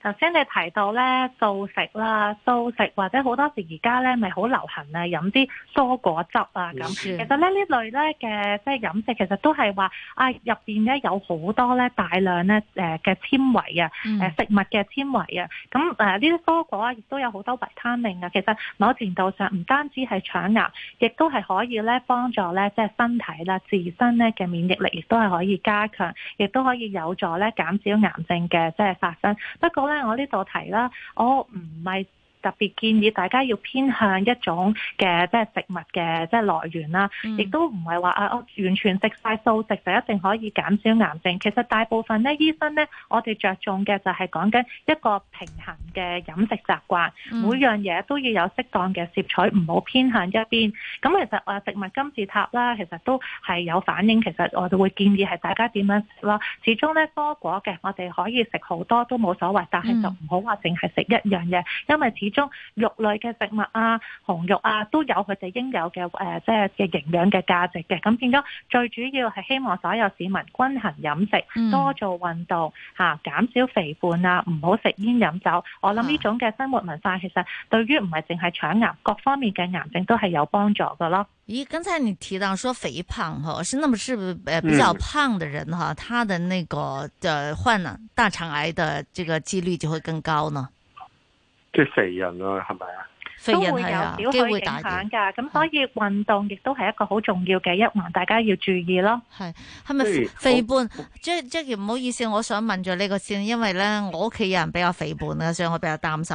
頭先你提到咧素食啦、素食，或者好多時而家咧咪好流行啊飲啲蔬果汁啊咁。其實咧呢類咧嘅即係飲食，其實都係話啊入面咧有好多咧大量咧嘅纖維啊食物嘅纖維啊。咁呢啲蔬果啊亦都有好多維他命啊。其實某程度上唔單止係腸癌，亦都係可以咧幫助咧即係身體啦自身咧嘅免疫力亦都係可以加強，亦都可以有助咧減少癌症嘅即係發生。不過咧。我呢度提啦，我唔係，不是特別建議大家要偏向一種嘅即係食物嘅即係來源啦，亦都唔係話啊我完全食晒素食就一定可以減少癌症。其實大部分咧醫生咧，我哋着重嘅就係講緊一個平衡嘅飲食習慣，嗯、每樣嘢都要有適當嘅攝取，唔好偏向一邊。咁其實啊，食物金字塔啦，其實都係有反應。其實我哋會建議係大家點樣食咯。始終咧多果嘅，我哋可以食好多都冇所謂，但係就唔好話淨係食一樣嘢，因為始終。中肉類嘅食物啊，紅肉啊，都有佢哋應有嘅誒，即係嘅營養嘅價值嘅。咁變咗最主要係希望所有市民均衡飲食，多做運動吓，啊，減少肥胖啊，唔好食煙飲酒。嗯、我諗呢種嘅生活文化其實對於唔係淨係腸癌各方面嘅癌症都係有幫助嘅咯。咦，剛才你提到說肥胖嗬，是那麼是誒比較胖嘅人哈，嗯、他的那個的患大腸癌的這個幾率就會更高呢？即係肥人啊，係咪啊？肥人都會有，都會打響㗎。咁所以運動亦都係一個好重要嘅一環，大家要注意咯。係係咪肥胖？即係 Jack，唔好意思，我想問咗呢個先，因為咧我屋企人比較肥胖啊，所以我比較擔心。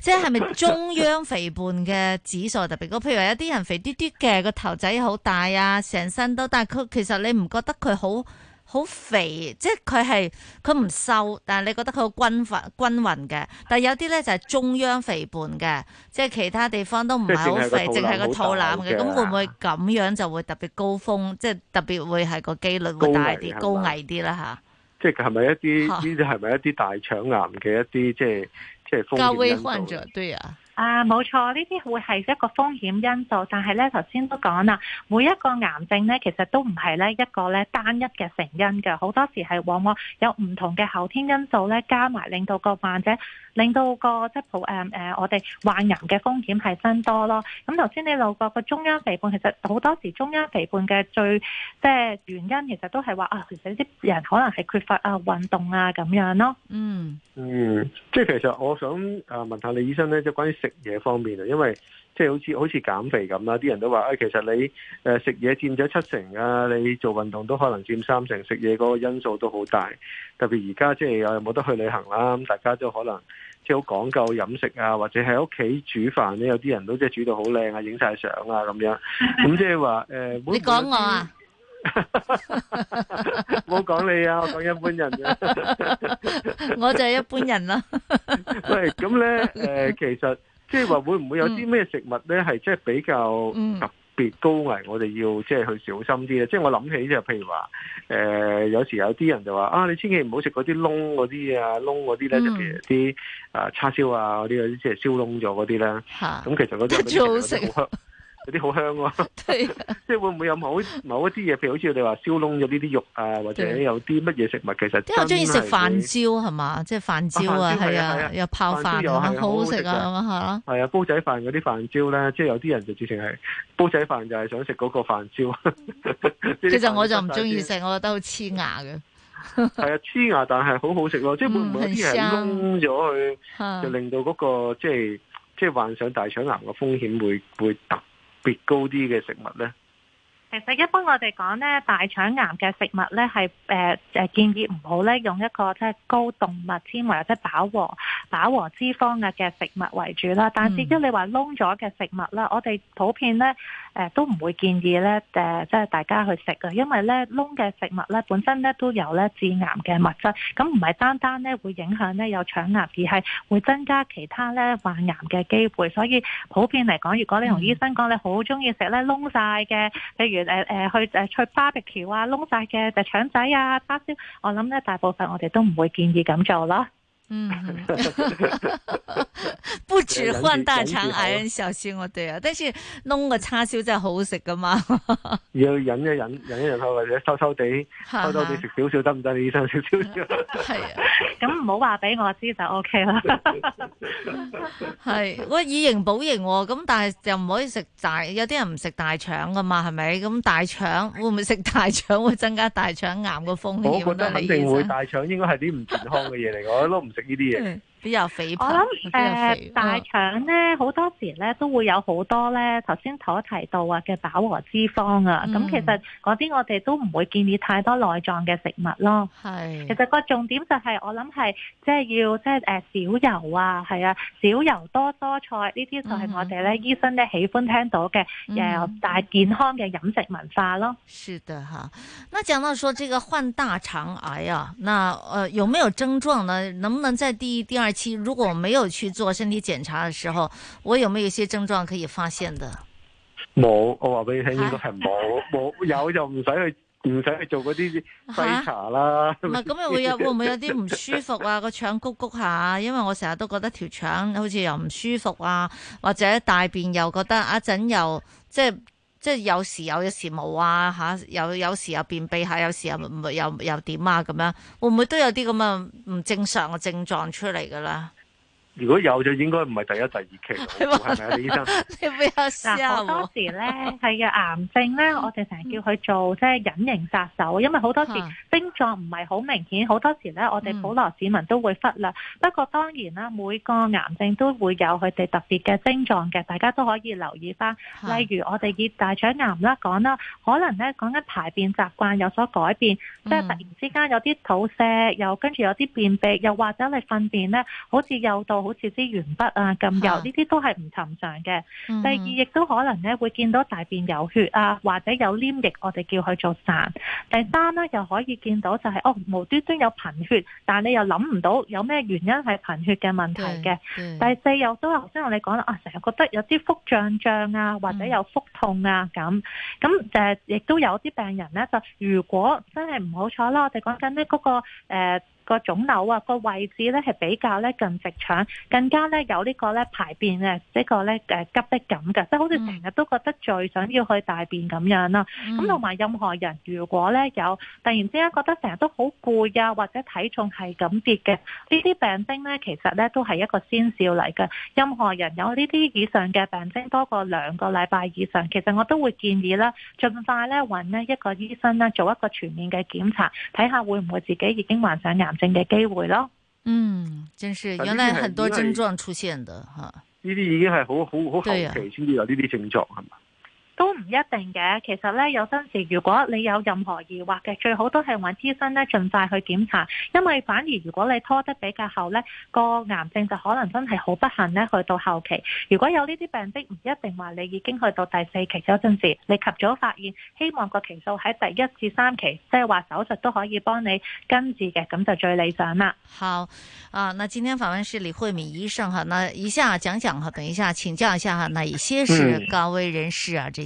即係係咪中央肥胖嘅指數特別高？譬如話有啲人肥嘟嘟嘅，個頭仔好大啊，成身都大，但係佢其實你唔覺得佢好好肥，即係佢係佢唔瘦，但係你覺得佢好均匀均勻嘅，但係有啲咧就係中央肥胖嘅，即係其他地方都唔係好肥，淨係個肚腩嘅，咁會唔會咁樣就會特別高峰，的啊、即係特別會係個機率會大啲，高危啲啦？吓 *laughs* ？即係係咪一啲呢啲係咪一啲大腸癌嘅一啲即係即係高危患者對啊？啊，冇錯，呢啲會係一個風險因素，但係呢，頭先都講啦，每一個癌症呢，其實都唔係呢一個呢單一嘅成因嘅，好多時係往往有唔同嘅後天因素呢，加埋，令到個患者。令到個即係普誒我哋患癌嘅風險係增多咯。咁頭先你路過個中央肥胖，其實好多時中央肥胖嘅最即係原因，其實都係話啊，其實啲人可能係缺乏啊運動啊咁樣咯。嗯嗯，即係其實我想啊問下李醫生咧，即係關於食嘢方面啊，因為即係好似好似減肥咁啦，啲人都話啊、哎，其實你誒食嘢佔咗七成啊，你做運動都可能佔三成，食嘢嗰個因素都好大。特別而家即係有冇得去旅行啦，咁大家都可能。即係好講究飲食啊，或者喺屋企煮飯咧，有啲人都即係煮到好靚啊，影晒相啊咁樣。咁即係話誒，你講我啊，冇講你啊，我講一般人嘅。我就係一般人啦。喂，咁咧誒，其實即係話會唔會有啲咩食物咧，係即係比較高危，我哋要即係、就是、去小心啲咧。即、就、係、是、我諗起就譬如話，誒、呃、有時有啲人就話啊，你千祈唔好食嗰啲燶嗰啲啊，燶嗰啲咧就譬如啲啊叉燒啊嗰啲，即係燒燶咗嗰啲咧。咁、嗯、其實嗰啲，最好食。有啲好香咯，即係會唔會有某某一啲嘢，譬如好似你話燒燶咗呢啲肉啊，或者有啲乜嘢食物，其實都我中意食飯焦係嘛，即係飯焦啊，係啊，又泡飯好好食啊，咁啊嚇，係啊，煲仔飯嗰啲飯焦咧，即係有啲人就直情係煲仔飯就係想食嗰個飯焦。其實我就唔中意食，我覺得好黐牙嘅。係啊，黐牙，但係好好食咯，即係會唔會燒燶咗佢？就令到嗰個即係即係患上大腸癌嘅風險會會大。特別高啲嘅食物咧。其實一般我哋講咧，大腸癌嘅食物咧係誒誒建議唔好咧用一個即係高動物纖維或者飽和飽和脂肪嘅嘅食物為主啦。但至於你話燶咗嘅食物啦，嗯、我哋普遍咧誒都唔會建議咧誒即係大家去食嘅，因為咧燶嘅食物咧本身咧都有咧致癌嘅物質，咁唔係單單咧會影響咧有腸癌，而係會增加其他咧患癌嘅機會。所以普遍嚟講，如果你同醫生講你好中意食咧燶曬嘅，譬、嗯、如，誒誒、呃呃，去誒去 barbecue 啊，燶晒嘅就腸仔啊，叉燒，我諗咧大部分我哋都唔會建議咁做咯。嗯， *laughs* 不止換大腸人小心我哋啊！但是燶個叉燒真係好食噶嘛？要忍一忍，忍一忍後或者收收地，偷偷哋食少少得唔得？你收少少少。行不行點點啊，咁唔好話俾我知就 OK 啦。係， *laughs* 我以形補形，哦，咁但係就唔可以食大，有啲人唔食大腸噶嘛，係咪？咁大腸會唔會食大腸會增加大腸癌嘅風險？我覺得肯定會，大腸應該係啲唔健康嘅嘢嚟，我都唔。食呢啲嘢。比較肥胖，比較肥，我諗、呃嗯、大腸咧好多時咧都會有好多咧頭先所提到啊嘅飽和脂肪啊，咁、嗯、其實嗰啲我哋都唔會建議太多內臟嘅食物咯。係是，其實個重點就係、是、我諗係即係要即係誒少油啊，係啊少油多蔬菜這些是呢啲就係我哋咧醫生咧喜歡聽到嘅誒大健康嘅飲食文化咯。是的哈，那講到說這個患大腸癌啊，那誒、呃、有沒有症狀呢？能不能在第一、第二？如果我沒有去做身體檢查的時候，我有沒有一些症狀可以發現的？冇，我話俾你聽呢個係冇，冇有，啊，有，有就唔使去，唔使去做嗰啲篩查啦。唔係咁又會有會唔會有啲唔舒服啊？ *laughs* 個腸谷谷下，因為我成日都覺得條腸好似又唔舒服啊，或者大便又覺得阿陣又即係。即係有，有，有、啊、啊有，有，有，啊、有時有，有時冇啊！嚇，有有時又便秘下，有時又唔係又又點啊？咁樣會唔會都有啲咁嘅唔正常嘅症狀出嚟㗎啦？如果有就應該唔係第一、第二期，係咪啊？李醫生。你唔好意思啊。嗱，好多時咧係啊，癌症咧，我哋成日叫佢做即係、就是、隱形殺手，因為好多時症狀唔係好明顯，好多時咧我哋普羅市民都會忽略。不過當然啦，每個癌症都會有佢哋特別嘅症狀嘅，大家都可以留意翻。例如我哋熱大腸癌啦，講啦，可能咧講緊排便習慣有所改變， *laughs* 即係突然之間有啲肚瀉，又跟住有啲便秘，又或者你糞便咧好似又到。好似支鉛筆啊、咁油呢啲都係唔尋常嘅。嗯、哼第二，亦都可能咧會見到大便有血啊，或者有黏液，我哋叫佢做散。第三咧又可以見到就係、是、哦，無端端有貧血，但係你又諗唔到有咩原因係貧血嘅問題嘅。嗯、哼第四又都頭先同你講啦，啊成日覺得有啲腹脹脹啊，或者有腹痛啊咁咁，誒亦都有啲病人咧，就如果真係唔好彩啦，我哋講緊咧嗰個、呃個腫瘤啊，個位置咧係比較咧近直腸，更加咧有呢個咧排便嘅呢個咧誒急迫感㗎，即係好似成日都覺得最想要去大便咁樣啦。咁同埋任何人如果咧有突然之間覺得成日都好攰啊，或者體重係咁跌嘅，呢啲病徵咧其實咧都係一個先兆嚟嘅。任何人有呢啲以上嘅病徵多過兩個禮拜以上，其實我都會建議啦，盡快咧揾呢一個醫生咧做一個全面嘅檢查，睇下會唔會自己已經患上癌症嘅機會咯，嗯，真是原來很多症狀出現的吓。呢啲已經係好好好後期先至有呢啲症狀。係嘛、啊？都唔一定嘅，其實咧，有陣時如果你有任何疑惑，嘅最好都係揾醫生呢，盡快去檢查，因為反而如果你拖得比較後呢，個癌症就可能真係好不幸呢，去到後期，如果有呢啲病徵，唔一定話你已經去到第四期生，有陣時你及早發現，希望個期數喺第一至三期，即係話手術都可以幫你根治嘅，咁就最理想啦。好啊，那今天訪問是李慧敏醫生哈，那一下講講哈，等一下請教一下哈，哪些是高危人士啊？嗯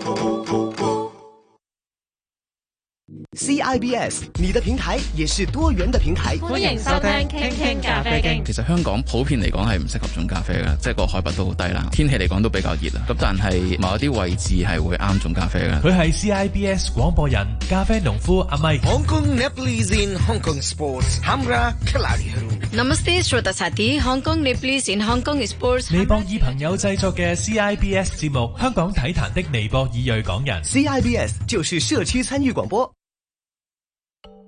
CIBS 你的平台也是多元的平台。歡迎收聽傾傾咖啡經。其實香港普遍嚟講係唔適合種咖啡嘅，即係個海拔都好低啦，天氣嚟講都比較熱啦。咁但係某一啲位置係會啱種咖啡嘅。佢係 CIBS 廣播人，咖啡農夫阿咪。Hong Kong Nepalese in Hong Kong Sports。Namaste s h a s t i Hong Kong Nepalese in Hong Kong Sports。尼泊爾朋友製作嘅 CIBS 節目，香港體壇的尼泊爾裔港人。CIBS 就是社區參與廣播。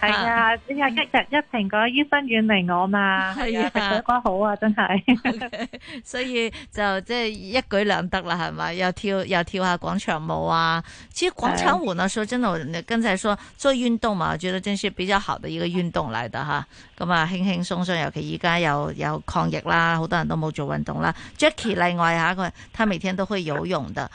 係啊，啊一日一日一蘋果醫生遠離我嘛，係啊，水果、啊、好啊，真係， *laughs* okay, 所以就即係一舉兩得啦，係咪，又跳又跳下廣場舞啊。其實廣場舞呢，說真的，我剛是才說做運動嘛，我覺得真是比較好的一個運動嚟的吓。咁啊，輕輕鬆鬆，尤其依家又有抗疫啦，好多人都冇做運動啦。Jackie 例外吓，佢，他每天都會游泳的。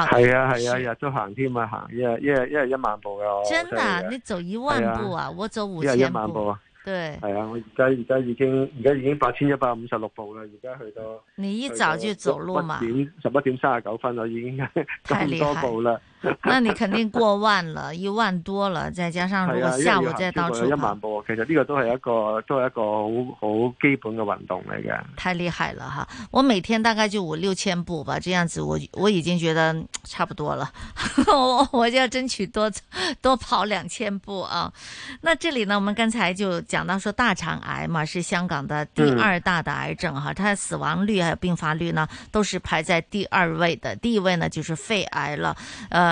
係啊係啊，日、啊、都行添啊，行一日一日一日一萬步噶。我真的、啊，我真啊、你走一萬步啊？啊我走五千步。一日一萬步啊？對，係啊，我而家而家已經而家已經八千一百五十六步啦，而家去到。你一早就走路嘛？十一點三十九分我已經咁 *laughs* 多步啦。 *laughs* 那你肯定過萬了，一萬多了，再加上如果下午再到處，一萬步，其實這個都係一個都係一個好好基本嘅運動嚟嘅。太厲害了哈！我每天大概就五六千步吧，這樣子我我已經覺得差不多了， *laughs* 我我就要爭取多多跑兩千步啊。那這裏呢，我們剛才就講到說大腸癌嘛是香港的第二大的癌症哈，嗯、它死亡率還有病發率呢都是排在第二位的，第一位呢就是肺癌了，呃。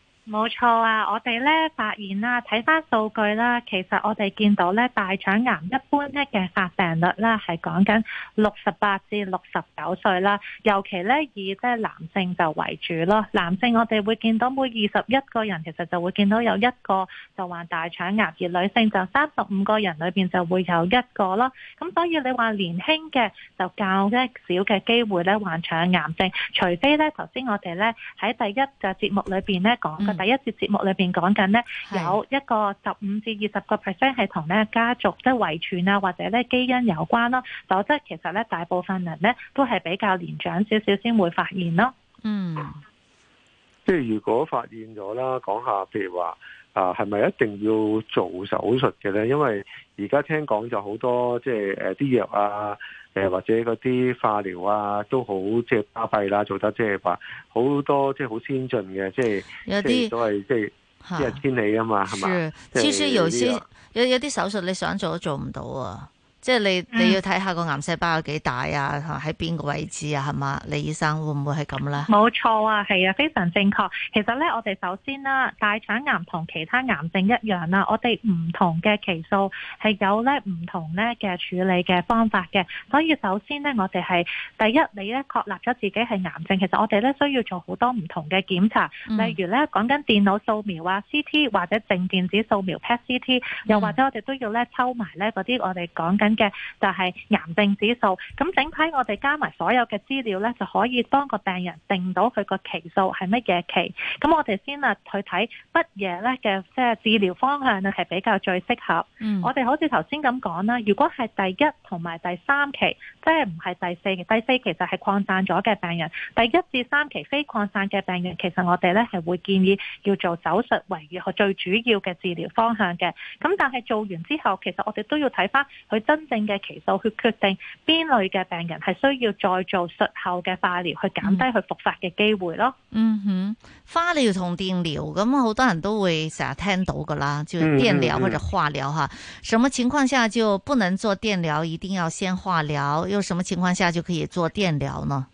冇錯啊！我哋咧發現啦，睇翻數據啦，其實我哋見到咧大腸癌一般咧嘅發病率啦，係講緊六十八至六十九歲啦，尤其咧以即係男性就為主咯。男性我哋會見到每二十一個人其實就會見到有一個就患大腸癌，而女性就三十五個人裏邊就會有一個咯。咁所以你話年輕嘅就較咧少嘅機會咧患腸癌症，除非咧頭先我哋咧喺第一嘅節目裏邊咧講。嗯、第一節節目裏邊講緊呢，有一個十五至二十個 percent 係同呢家族即遺傳啊，或者呢基因有關咯。否則其實呢大部分人呢都係比較年長少少先會發現咯。嗯，即如果發現咗啦，講下譬如話。啊，係咪一定要做手術嘅咧？因為而家聽講就好多即係誒啲藥啊，誒或者嗰啲化療啊，都好即係巴閉啦，做得即係話好多即係好先進嘅，即係有啲都係即係天理啊嘛，係嘛、啊吧？有有啲手術你想做都做唔到啊！即係你、嗯、你要睇下個癌細胞有幾大啊，同喺邊個位置啊，係嘛？李醫生會唔會係咁咧？冇錯啊，係啊，非常正確。其實咧，我哋首先啦，大腸癌同其他癌症一樣啦，我哋唔同嘅期數係有咧唔同咧嘅處理嘅方法嘅。所以首先咧，我哋係第一，你咧確立咗自己係癌症。其實我哋咧需要做好多唔同嘅檢查，嗯、例如咧講緊電腦掃描啊、CT 或者正電子掃描 PET CT，嗯、又或者我哋都要咧抽埋咧嗰啲我哋講緊。嘅就係癌症指數，咁整體我哋加埋所有嘅資料呢，就可以幫個病人定到佢個期數係乜嘢期。咁我哋先啊去睇乜嘢呢？嘅，即係治療方向呢，係比較最適合。我哋好似頭先咁講啦，如果係第一同埋第三期，即係唔係第四期，第四期就係擴散咗嘅病人。第一至三期非擴散嘅病人，其實我哋呢係會建議叫做手術為最主要嘅治療方向嘅。咁但係做完之後，其實我哋都要睇翻佢真。真正嘅期數去決定邊類嘅病人係需要再做術後嘅化療去減低佢復發嘅機會咯。嗯哼，化療同電療，咁好多人都會成日聽到噶啦，就電療或者化療吓。嗯嗯嗯，什麼情況下就不能做電療，一定要先化療？又什麼情況下就可以做電療呢？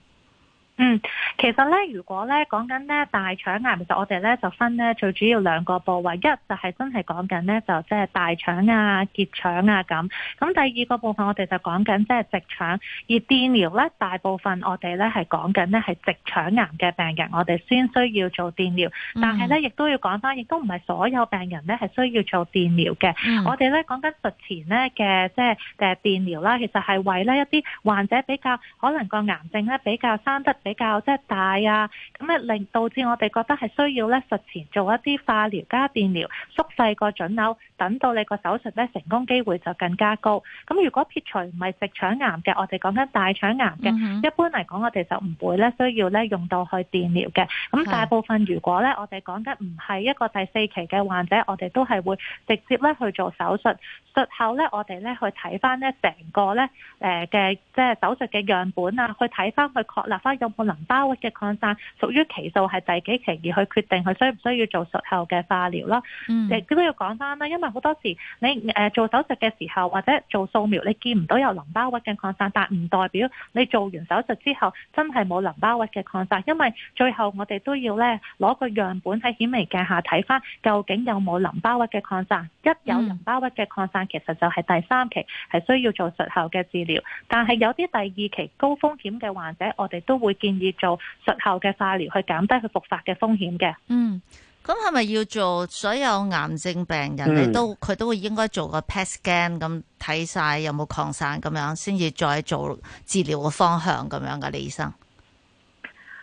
嗯，其實咧，如果咧講緊咧大腸癌，其實我哋咧就分咧最主要兩個部位，一就係真係講緊咧就即係大腸啊、結腸啊咁。咁第二個部分我哋就講緊即係直腸，而電療咧大部分我哋咧係講緊咧係直腸癌嘅病人，我哋先需要做電療。嗯、但係咧亦都要講翻，亦都唔係所有病人咧係需要做電療嘅。嗯、我哋咧講緊術前咧嘅即係誒電療啦，其實係為咧一啲患者比較可能個癌症咧比較生得。比較即係大啊，咁咧令導致我哋覺得係需要咧術前做一啲化療加電療，縮細個腫瘤，等到你個手術咧成功機會就更加高。咁如果撇除唔係直腸癌嘅，我哋講緊大腸癌嘅，一般嚟講我哋就唔會咧需要咧用到去電療嘅。咁大部分如果咧我哋講緊唔係一個第四期嘅患者，我哋都係會直接咧去做手術。術後咧我哋咧去睇翻咧成個咧誒嘅即係手術嘅樣本啊，去睇翻去確立翻用。個淋巴結嘅擴散屬於期數係第幾期而去決定佢需唔需要做術後嘅化療咯。嗯，亦都要講翻啦，因為好多時你誒做手術嘅時候或者做掃描，你見唔到有淋巴結嘅擴散，但唔代表你做完手術之後真係冇淋巴結嘅擴散，因為最後我哋都要咧攞個樣本喺顯微鏡下睇翻究竟有冇淋巴結嘅擴散。一有淋巴結嘅擴散，其實就係第三期，係需要做術後嘅治療。但係有啲第二期高風險嘅患者，我哋都會見。建議做術後嘅化療，去減低佢復發嘅風險嘅。嗯，咁係咪要做所有癌症病人咧？嗯、都佢都會應該做個 PET scan 咁，睇晒有冇擴散咁樣，先至再做治療嘅方向咁樣噶、啊？李醫生，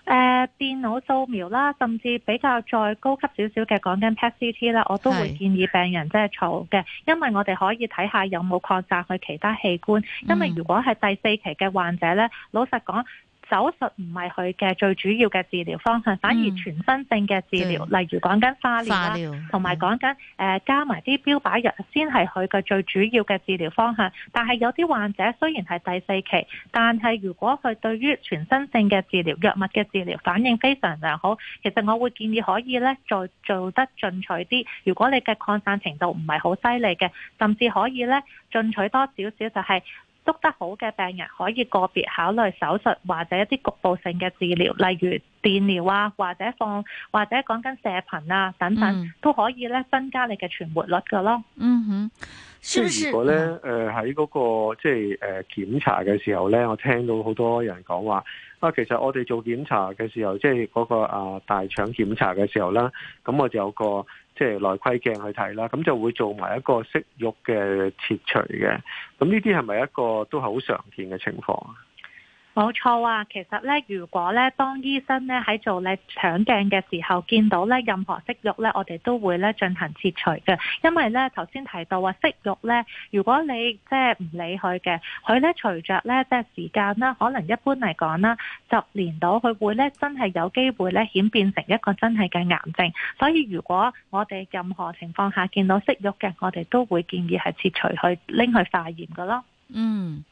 誒、呃，電腦掃描啦，甚至比較再高級少少嘅講緊 PET CT 啦，我都會建議病人即係照嘅，是因為我哋可以睇下有冇擴散去其他器官。嗯、因為如果係第四期嘅患者咧，老實講。手術唔係佢嘅最主要嘅治療方向，反而全身性嘅治療，嗯、例如講緊化療同埋講緊誒加埋啲標靶藥先係佢嘅最主要嘅治療方向。但係有啲患者雖然係第四期，但係如果佢對於全身性嘅治療藥物嘅治療反應非常良好，其實我會建議可以呢再做得進取啲。如果你嘅擴散程度唔係好犀利嘅，甚至可以呢進取多少少就係、是。督得好嘅病人可以個別考慮手術或者一啲局部性嘅治療，例如電療啊，或者放，或者講緊射頻啊等等，都可以咧增加你嘅存活率嘅咯。嗯哼，即係如果咧，誒喺嗰個即係誒檢查嘅時候咧，我聽到好多人講話啊，其實我哋做檢查嘅時候，即係嗰個啊大腸檢查嘅時候啦，咁我就有個，即係內窺鏡去睇啦，咁就會做埋一個息肉嘅切除嘅，咁呢啲係咪一個都係好常見嘅情況啊？冇錯啊！其實咧，如果咧，當醫生咧喺做咧腸鏡嘅時候，見到咧任何息肉咧，我哋都會咧進行切除嘅。因為咧，頭先提到話息肉咧，如果你即係唔理佢嘅，佢咧隨着咧即係時間啦，可能一般嚟講啦，十年到佢會咧真係有機會咧顯變成一個真係嘅癌症。所以如果我哋任何情況下見到息肉嘅，我哋都會建議係切除去拎去化驗噶咯。嗯，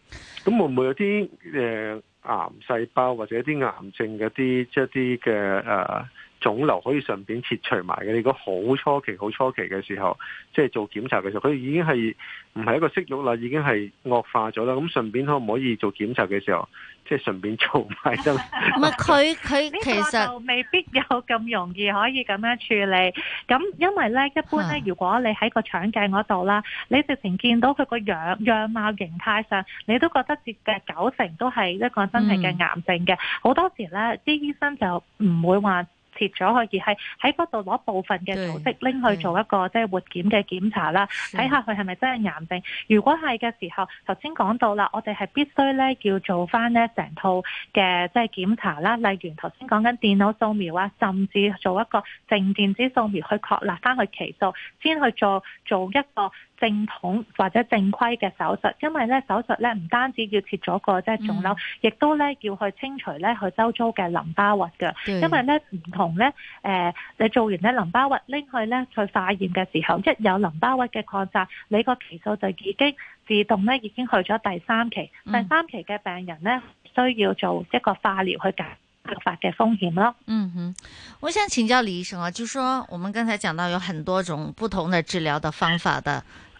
咁會唔會有啲誒？癌細胞或者啲癌症嘅啲即係一啲嘅誒，就是腫瘤可以順便切除埋嘅，你個好初期、好初期嘅時候，即係做檢查嘅時候，佢已經係唔係一個息肉啦，已經係惡化咗啦。咁順便可唔可以做檢查嘅時候，即係順便做埋？唔係佢佢其實未必有咁容易可以咁樣處理。咁因為咧，一般咧， *laughs* 如果你喺個腸鏡嗰度啦，你直情見到佢個樣樣貌形態上，你都覺得接近九成都係一個真係嘅癌症嘅。好、嗯、多時咧，啲醫生就唔會話。截咗可以係喺嗰度攞部分嘅組織拎去做一個即係活檢嘅檢查啦，睇下佢係咪真係癌症。如果係嘅時候，頭先講到啦，我哋係必須咧叫做翻呢成套嘅即係檢查啦，例如頭先講緊電腦掃描啊，甚至做一個靜電子掃描去確立翻佢期數，先去做做一個。正統或者正規嘅手術，因為咧手術咧唔單止要切咗個即係腫瘤，亦、嗯、都咧要去清除咧佢周遭嘅淋巴核嘅。的因為咧唔同咧，誒、呃、你做完咧淋巴核拎去咧去化驗嘅時候，一有淋巴核嘅擴散，你個期數就已經自動咧已經去咗第三期。嗯、第三期嘅病人咧需要做一個化療去解減發嘅風險咯。嗯嗯，我想請教李醫生啊，就係說，我們剛才講到有很多種不同的治療嘅方法的。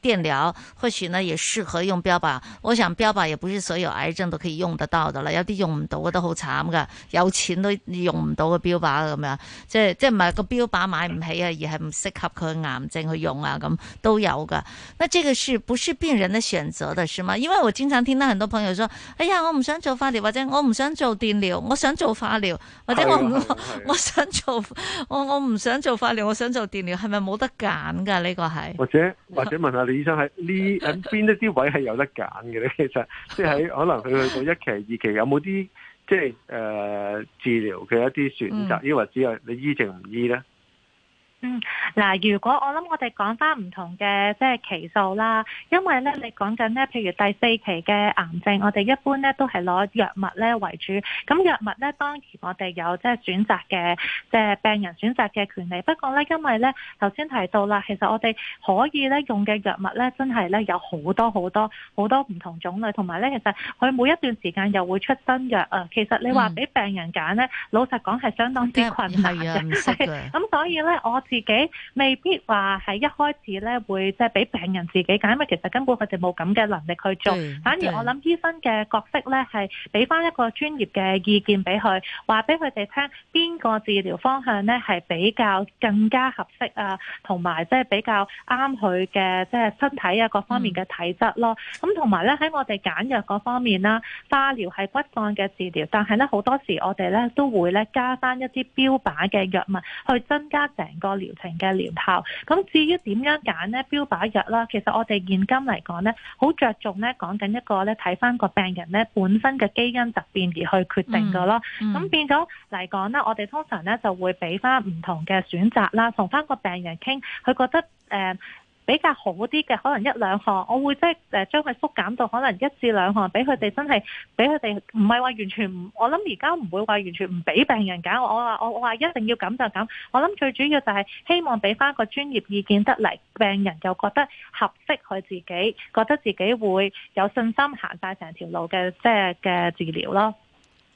電療或許呢也適合用標靶，我想標靶也不是所有癌症都可以用得到的啦，有啲用唔到嘅都好慘噶，有錢都用唔到嘅標靶咁樣，即係即係唔係個標靶買唔起啊，而係唔適合佢嘅癌症去用啊，咁都有噶。那這個是不是病人嘅選擇的，是嗎？因為我經常聽到很多朋友說，哎呀，我唔想做化療或者我唔想做電療，我想做化療或者我唔我，我想做我我唔想做化療，我想做電療，係咪冇得揀噶？呢個係或者或者問下。 *laughs* 你醫生喺呢，喺邊一啲位係有得揀嘅咧？其實即係喺可能佢去到一期二期有冇啲即係誒、呃、治療嘅一啲選擇？抑或只有你醫定唔醫咧？嗯，嗱，如果我諗我哋講翻唔同嘅即係期數啦，因為咧你講緊咧，譬如第四期嘅癌症，我哋一般咧都係攞藥物咧為主。咁藥物咧，當然我哋有即係選擇嘅，即係病人選擇嘅權利。不過咧，因為咧頭先提到啦，其實我哋可以咧用嘅藥物咧，真係咧有好多好多好多唔同種類，同埋咧其實佢每一段時間又會出新藥。誒，其實你話俾病人揀咧，嗯、老實講係相當之困難嘅。唔識嘅。咁、嗯 *laughs* 嗯、所以咧我。自己未必話喺一開始咧會即係俾病人自己揀，因為其實根本佢哋冇咁嘅能力去做。反而我諗醫生嘅角色咧係俾翻一個專業嘅意見俾佢，話俾佢哋聽邊個治療方向咧係比較更加合適啊，同埋即係比較啱佢嘅即係身體啊各方面嘅體質咯。咁同埋咧喺我哋揀藥嗰方面啦，化療係骨幹嘅治療，但係咧好多時我哋咧都會咧加翻一啲標靶嘅藥物去增加成個療程嘅療效，咁至於點樣揀咧標靶藥啦，其實我哋現今嚟講呢好着重咧講緊一個咧睇翻個病人咧本身嘅基因突變而去決定噶咯，咁、嗯嗯、變咗嚟講呢我哋通常呢就會俾翻唔同嘅選擇啦，同翻個病人傾，佢覺得誒。呃比較好啲嘅，可能一兩項，我會即係將佢縮減到可能一至兩項，俾佢哋真係俾佢哋唔係話完全。唔，我諗而家唔會話完全唔畀病人揀。我話我話一定要咁就咁。我諗最主要就係希望畀翻個專業意見得嚟，病人又覺得合適佢自己，覺得自己會有信心行晒成條路嘅即係嘅治療咯。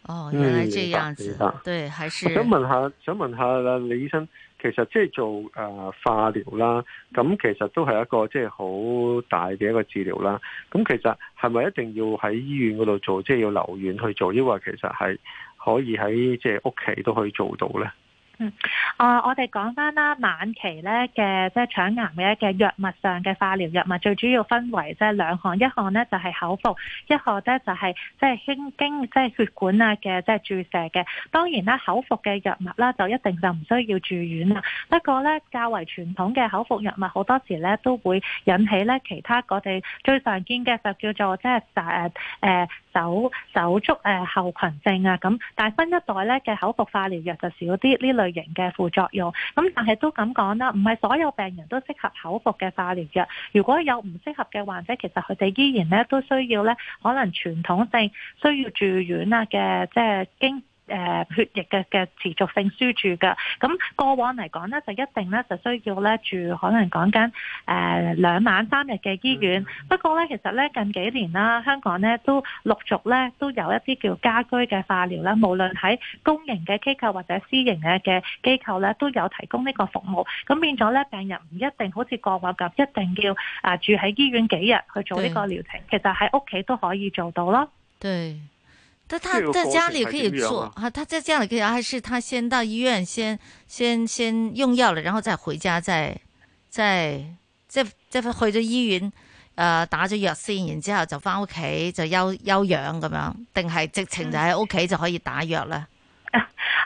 哦，原來係這樣子。嗯、對，係。想問下，想問下李醫生。其實即係做誒化療啦，咁其實都係一個即係好大嘅一個治療啦。咁其實係咪一定要喺醫院嗰度做，即係要留院去做，抑或其實係可以喺即係屋企都可以做到咧？嗯呃、我哋講翻啦，晚期咧嘅即係腸癌嘅一個藥物上嘅化療藥物，最主要分為即係兩項，一項咧就係口服，一項咧就係即係經即係血管啊嘅即係注射嘅。當然啦，口服嘅藥物啦，就一定就唔需要住院啦。不過咧較為傳統嘅口服藥物，好多時咧都會引起咧其他我哋最常見嘅就叫做即係誒誒。呃手手足誒後群症啊，咁但係新一代咧嘅口服化療藥就少啲呢類型嘅副作用，咁但係都咁講啦，唔係所有病人都適合口服嘅化療藥，如果有唔適合嘅患者，其實佢哋依然咧都需要咧，可能傳統性需要住院啊嘅，即係經。誒血液嘅嘅持續性輸住嘅，咁過往嚟講呢，就一定呢就需要呢住可能講緊誒兩晚三日嘅醫院。不過呢，其實呢近幾年啦，香港呢都陸續呢都有一啲叫家居嘅化療啦，無論喺公營嘅機構或者私營嘅嘅機構呢，都有提供呢個服務。咁變咗呢，病人唔一定好似過往咁，一定要啊住喺醫院幾日去做呢個療程，對其實喺屋企都可以做到咯。對他在家裏可以做，哈，他在家裏可以，還是他先到醫院先先先用藥了，然後再回家再再即即去咗醫院誒、呃、打咗藥先，然之後就翻屋企就休休養咁樣，定係直情就喺屋企就可以打藥啦？嗯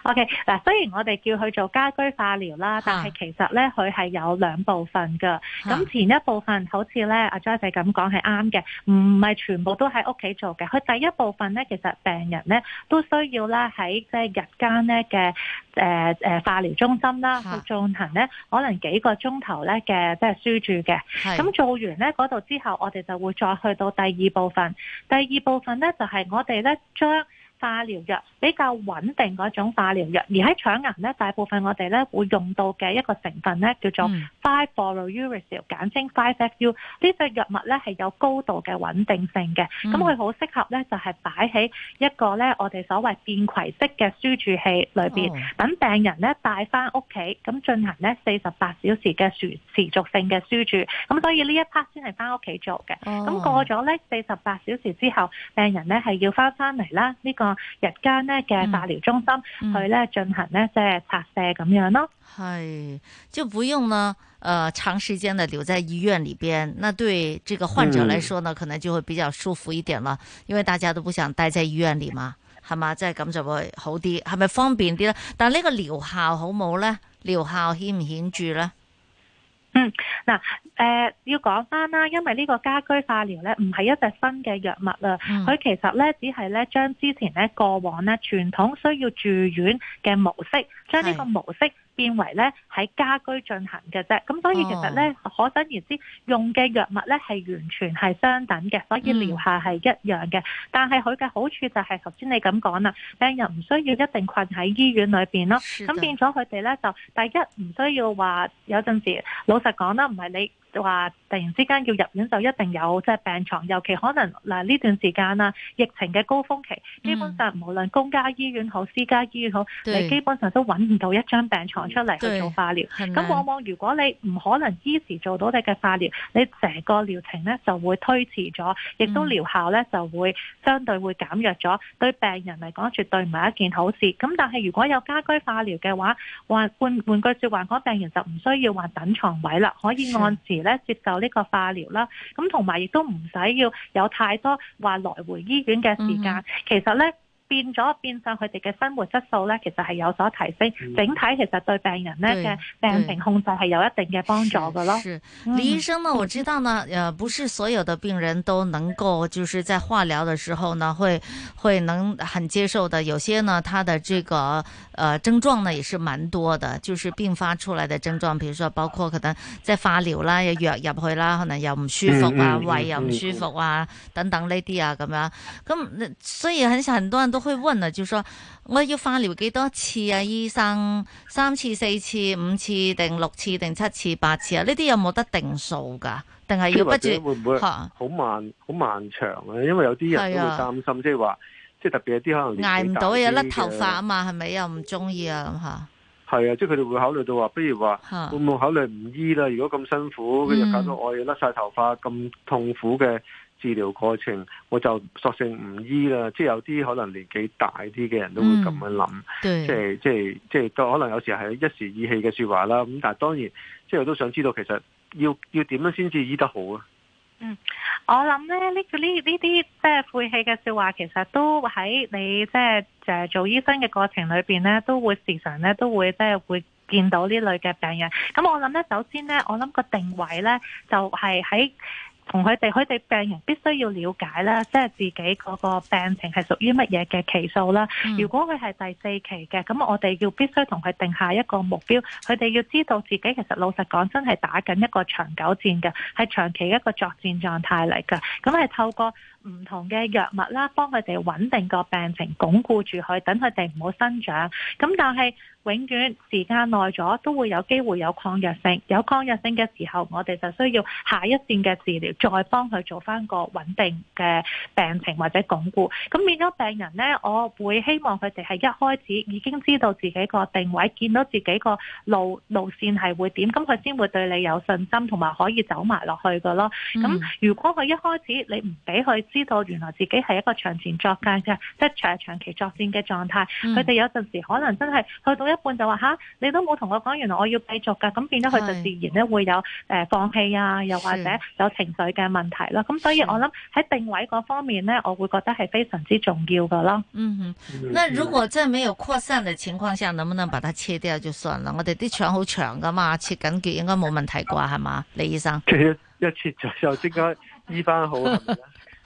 OK 嗱，雖然我哋叫佢做家居化療啦，但係其實咧佢係有兩部分嘅。咁前一部分好似咧阿張仔咁講係啱嘅，唔係全部都喺屋企做嘅。佢第一部分咧，其實病人咧都需要咧喺即係日間咧嘅誒誒化療中心啦去進行咧，可能幾個鐘頭咧嘅即係輸注嘅。咁做完咧嗰度之後，我哋就會再去到第二部分。第二部分咧就係我哋咧將化療藥比較穩定嗰種化療藥，而喺腸癌咧，大部分我哋咧會用到嘅一個成分咧叫做 five fluorouracil 簡稱 five fu，呢隻藥物咧係有高度嘅穩定性嘅，咁佢好適合咧就係擺喺一個咧我哋所謂便攜式嘅輸注器裏邊，等、哦、病人咧帶翻屋企咁進行咧四十八小時嘅持續性嘅輸注，咁所以呢一 part 先係翻屋企做嘅，咁、哦、過咗咧四十八小時之後，病人咧係要翻翻嚟啦，呢、呢個。日間咧嘅化療中心去咧進行咧即係拍射咁、嗯嗯、樣咯、哦，係就不用呢，誒、呃、長時間嘅留在醫院裏邊，那對這個患者來說呢，嗯、可能就會比較舒服一點啦，因為大家都不想待在醫院裏嘛，係嘛，即係咁就會好啲，係咪方便啲咧？但係呢個療效好冇咧？療效顯唔顯著咧？嗯，嗱，誒，要講返啦，因為呢個家居化療咧，唔係一隻新嘅藥物啦，佢其實咧只係咧將之前咧過往咧傳統需要住院嘅模式，將呢個模式，變為咧喺家居進行嘅啫，咁所以其實咧可想而知，用嘅藥物咧係完全係相等嘅，所以療效係一樣嘅。嗯、但係佢嘅好處就係頭先你咁講啦，病人唔需要一定困喺醫院裏邊咯，咁是的 變咗佢哋咧就第一唔需要話有陣時，老實講啦，唔係你。話突然之間要入院就一定有即係病床，尤其可能嗱呢段時間啦，疫情嘅高峰期，嗯、基本上無論公家醫院好私家醫院好，對你基本上都揾唔到一張病床出嚟，去做化療。咁往往如果你唔可能依時做到你嘅化療，你成個療程咧就會推遲咗，亦都療效咧就會相對會減弱咗，嗯、對病人嚟講絕對唔係一件好事。咁但係如果有家居化療嘅話，或換換句說話，嗰病人就唔需要話等床位啦，可以按時。咧接受呢個化療啦，咁同埋亦都唔使要有太多話來回醫院嘅時間，其實咧。變咗變相佢哋嘅生活質素呢，其實係有所提升，嗯、整體其實對病人呢嘅病情控制係有一定嘅幫助嘅咯。李，嗯、醫生呢，我知道呢、呃，不是所有的病人都能夠就是在化療的時候呢，會會能很接受的。有些呢，他的這個，呃、症狀呢，也是蠻多的，就是併發出來的症狀，比如說包括可能在化療啦，又藥入去啦，可能又唔舒服啊，胃又唔舒服啊，等等呢啲啊，咁樣，咁所以很很多人都。去溫啊，照，話我要化療幾多次啊？醫生三次、四次、五次定六次定七次、八次啊？呢啲有冇得定數噶？定係要不絕？會唔會好漫，好漫長啊？啊因為有啲人都會擔心，即係話即係特別有啲可能捱唔到啊，甩頭髮啊嘛，係咪又唔中意啊？咁吓係啊，即係佢哋會考慮到話，不如話會唔會考慮唔醫啦？如果咁辛苦，跟住搞到我要甩晒頭髮，咁痛苦嘅。治療過程，我就索性唔醫啦。即係有啲可能年紀大啲嘅人都會咁樣諗，嗯，即係即係即係都可能有時係一時意氣嘅説話啦。咁但係當然，即係我都想知道其實要要點樣先至醫得好啊？嗯，我諗咧呢呢呢啲即係晦氣嘅説話，其實都喺你即係誒做醫生嘅過程裏邊咧，都會時常咧都會即係會見到呢類嘅病人。咁我諗咧，首先咧，我諗個定位咧就係喺。同佢哋，佢哋病人必須要了解啦，即係自己嗰個病情係屬於乜嘢嘅期數啦。嗯、如果佢係第四期嘅，咁我哋要必須同佢定下一個目標，佢哋要知道自己其實老實講真係打緊一個長久戰嘅，係長期一個作戰狀態嚟噶。咁係透過。唔同嘅藥物啦，幫佢哋穩定個病情，鞏固住佢，等佢哋唔好生長。咁但係永遠時間耐咗，都會有機會有抗藥性。有抗藥性嘅時候，我哋就需要下一線嘅治療，再幫佢做翻個穩定嘅病情或者鞏固。咁變咗病人呢，我會希望佢哋係一開始已經知道自己個定位，見到自己個路路線係會點，咁佢先會對你有信心，同埋可以走埋落去噶咯。咁如果佢一開始你唔俾佢。知道原來自己係一個長前作戰嘅，即係長長期作戰嘅狀態。佢哋、嗯、有陣時可能真係去到一半就話吓，你都冇同我講，原來我要繼續噶。咁變咗佢就自然咧會有誒、哎呃、放棄啊，又或者有情緒嘅問題啦。咁是所以我諗喺定位嗰方面咧，我會覺得係非常之重要嘅咯。嗯哼、嗯，那如果真係未有擴散嘅情況下，能唔能把它切掉就算啦？我哋啲腸好長噶嘛，切緊結應該冇問題啩？係嘛，李醫生。佢一切咗又即刻醫翻好 *laughs*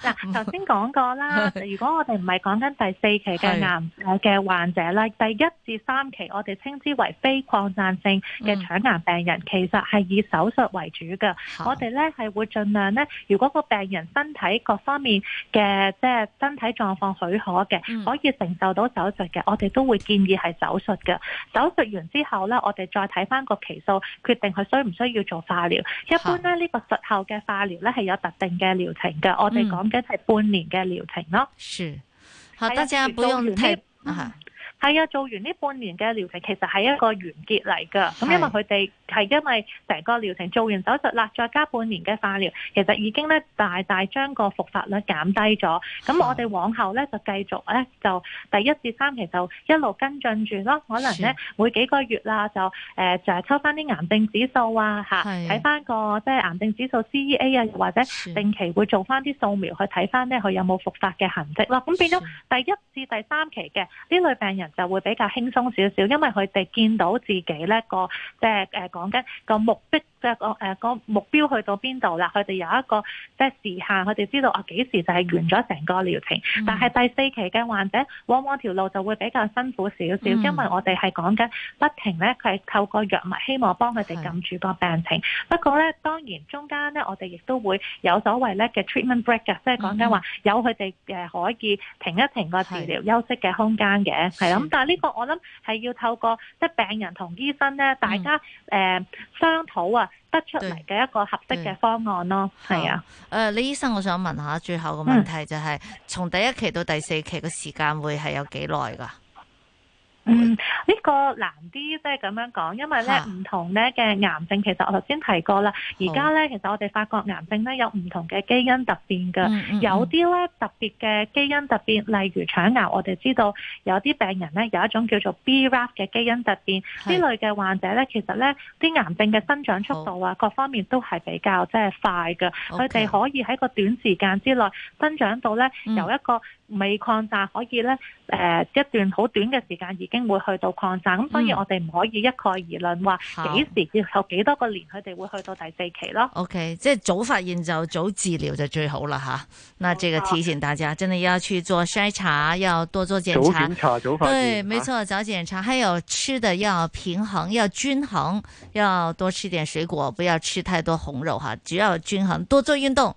嗱，頭先講過啦。如果我哋唔係講緊第四期嘅癌嘅患者咧，第一至三期我哋稱之為非擴散性嘅腸癌病人，其實係以手術為主嘅。我哋咧係會盡量咧，如果個病人身體各方面嘅即係身體狀況許可嘅，可以承受到手術嘅，我哋都會建議係手術嘅。手術完之後咧，我哋再睇翻個期數，決定佢需唔需要做化療，一般咧呢個術後嘅化療咧係有特定嘅療程嘅。我哋講。應該係半年嘅療程咯。是，好，大家不用太、啊哈係啊，做完呢半年嘅療程，其實係一個完結嚟㗎。咁是因為佢哋係因為成個療程做完手術，嗱再加半年嘅化療，其實已經咧大大將個復發率減低咗。咁是我哋往後咧就繼續咧就第一至三期就一路跟進住咯。可能咧是每幾個月啦、啊、就誒、呃、就係抽翻啲癌症指數啊，睇翻是個即係癌症指數 CEA 啊，或者定期會做翻啲掃描去睇翻咧佢有冇復發嘅痕跡咯。咁變咗第一至第三期嘅呢是類病人。就會比較輕鬆少少，因為佢哋見到自己呢個即係誒講緊個目的。即係個誒個目標去到邊度啦？佢哋有一個即係時限，佢哋知道啊幾時就係完咗成個療程。嗯、但係第四期嘅患者，往往條路就會比較辛苦少少，嗯、因為我哋係講緊不停咧，佢係透過藥物希望幫佢哋撳住個病情。是不過咧，當然中間咧，我哋亦都會有所謂咧嘅 treatment break 嘅、嗯，即係講緊話有佢哋誒可以停一停個治療、休息嘅空間嘅。係啦，咁但係呢個我諗係要透過即係病人同醫生咧，大家誒、嗯呃、商討啊。得出嚟嘅一個合適嘅方案咯，係啊。誒，李的、呃、醫生，我想問下最後個問題就係、是，從、嗯、第一期到第四期嘅時間會係有幾耐噶？嗯，呢、這個難啲，即係咁樣講，因為咧唔哈同咧嘅癌症，其實我頭先提過啦。而家咧，其實我哋發覺癌症咧有唔同嘅基因突變㗎。嗯嗯嗯、有啲咧特別嘅基因突變，例如腸癌，我哋知道有啲病人咧有一種叫做 BRAF 嘅基因突變，呢是類嘅患者咧，其實咧啲癌症嘅生長速度啊，好各方面都係比較即係快嘅，佢哋好可以喺個短時間之內生長到咧、嗯、由一個微擴大可以咧。誒、呃、一段好短嘅時間已經會去到擴散，咁、嗯、所以我哋唔可以一概而論話幾時好要有幾多個年佢哋會去到第四期咯。OK，即係早發現就早治療就最好啦嚇。錯那這個提醒大家，真係要去做篩查，要多做檢查。早檢查、早發。對，沒錯，早檢查，還有吃的要平衡，要均衡，啊、要多吃點水果，不要吃太多紅肉嚇。只要均衡，多做運動。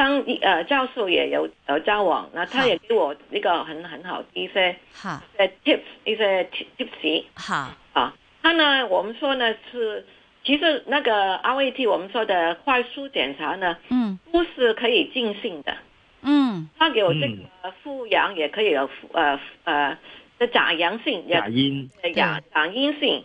當呃教授也有有交往，那他也給我一個很好很好的一些嘅 tips，好一些 tips 好啊。他呢，我們說呢是，其實那個 RAT 我們說的快速檢查呢，嗯，都是可以定性的，嗯，他給我這個復陽也可以有，誒、嗯、呃即假陽性，假陰假假陰性。對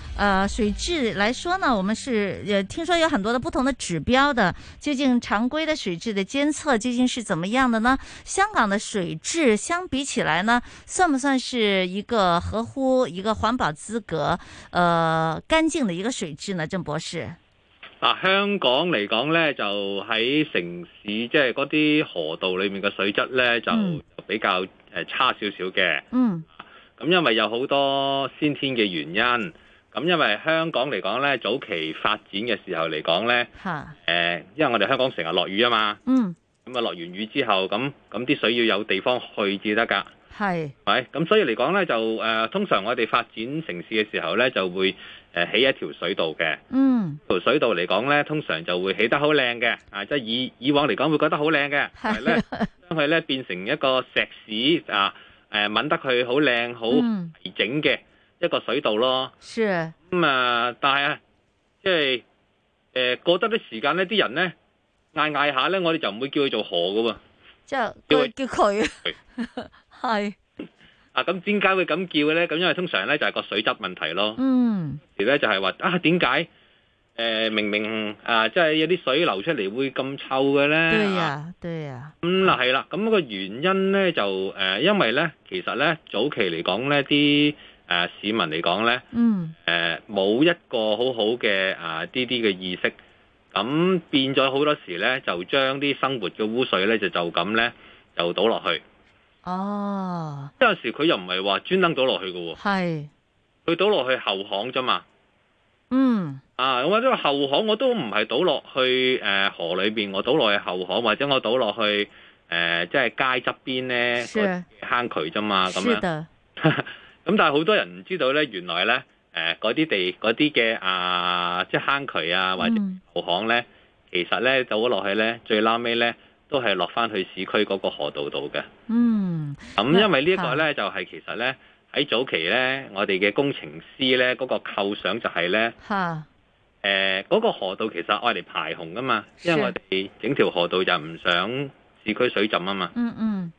呃，水質來說呢，我們是呃聽說有很多的不同的指標的，究竟常規的水質的監測究竟是怎麼樣的呢？香港的水質相比起來呢，算不算是一個合乎一個環保資格呃乾淨的一個水質呢？鄭博士，啊，香港嚟講呢就喺城市即係嗰啲河道裏面嘅水質呢，就比較誒差少少嘅。嗯。咁、嗯、因為有好多先天嘅原因。咁因為香港嚟講咧，早期發展嘅時候嚟講咧，嚇、啊，因為我哋香港成日落雨啊嘛，嗯，咁啊落完雨之後，咁咁啲水要有地方去至得㗎，係是，咁所以嚟講咧就誒、呃，通常我哋發展城市嘅時候咧，就會起、呃、一條水道嘅，嗯，條水道嚟講咧，通常就會起得好靚嘅，啊，即、就是、以以往嚟講會覺得好靚嘅，係咧的，將佢咧變成一個石屎啊，誒、呃，搵得佢好靚好整嘅。嗯一個水道咯，咁啊，但係啊，即係誒，過得啲時間咧，啲人咧嗌嗌下咧，我哋就唔會叫佢做河噶喎，即係叫叫佢係啊。咁點解會咁叫嘅咧？咁因為通常咧就係個水質問題咯。嗯，而咧就係話啊，點解誒明明啊，即係有啲水流出嚟會咁臭嘅咧？對呀，對呀。咁嗱，係啦，咁個原因咧就誒，因為咧其實咧早期嚟講咧啲。誒、啊、市民嚟講咧，誒冇、嗯啊、一個很好好嘅啊啲啲嘅意識，咁變咗好多時咧，就將啲生活嘅污水咧就就咁咧，就倒落去。哦，有時佢又唔係話專登倒落去㗎喎，佢倒落去後巷啫嘛。嗯，啊，咁啊，呢個後巷我都唔係倒落去誒、呃、河裏邊，我倒落去後巷或者我倒落去誒即係街側邊咧是坑渠啫嘛，咁樣。的 *laughs* 咁、嗯、但係好多人唔知道呢，原來呢誒，嗰、呃、啲地、嗰啲嘅啊，即係坑渠啊，或者河巷呢，mm. 其實呢走咗落去呢，最撈尾呢都係落返去市區嗰個河道度嘅。Mm. 嗯，咁因為呢個呢，就係、是、其實呢喺早期呢，我哋嘅工程師呢嗰、那個構想就係呢，吓、mm. 呃，誒，嗰個河道其實愛嚟排洪㗎嘛，Sure. 因為我哋整條河道就唔想市區水浸啊嘛。嗯、mm hmm. 嗯。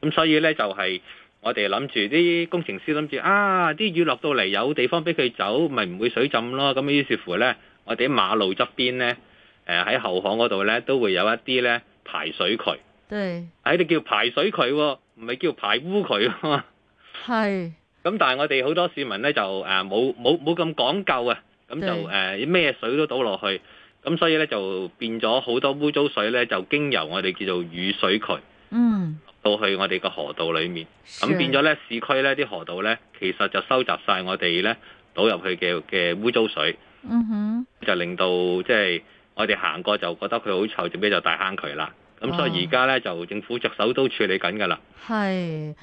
咁所以呢，就係、是。我哋諗住啲工程師諗住啊，啲雨落到嚟有地方俾佢走，咪唔會水浸咯。咁於是乎呢，我哋喺馬路側邊呢，誒、呃、喺後巷嗰度呢，都會有一啲呢排水渠。對，喺度叫排水渠，唔係叫排污渠。係是。咁但係我哋好多市民呢，呃、沒沒沒那麼那就誒冇冇冇咁講究啊，咁就誒咩水都倒落去，咁所以呢，就變咗好多污糟水呢，就經由我哋叫做雨水渠。嗯。到去我哋個河道裏面，咁變咗咧，市區呢啲河道咧，其實就收集晒我哋咧倒入去嘅嘅污糟水。嗯哼、mm，hmm. 就令到即係我哋行過就覺得佢好臭，最尾就大坑渠啦。咁所以而家咧就政府着手都處理緊噶啦。係。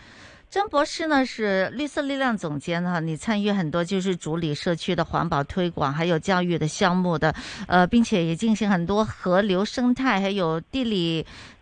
鄭博士呢是綠色力量總監哈，你參與很多就是主理社區的環保推廣，還有教育的項目的，呃，並且也進行很多河流生態，還有地理。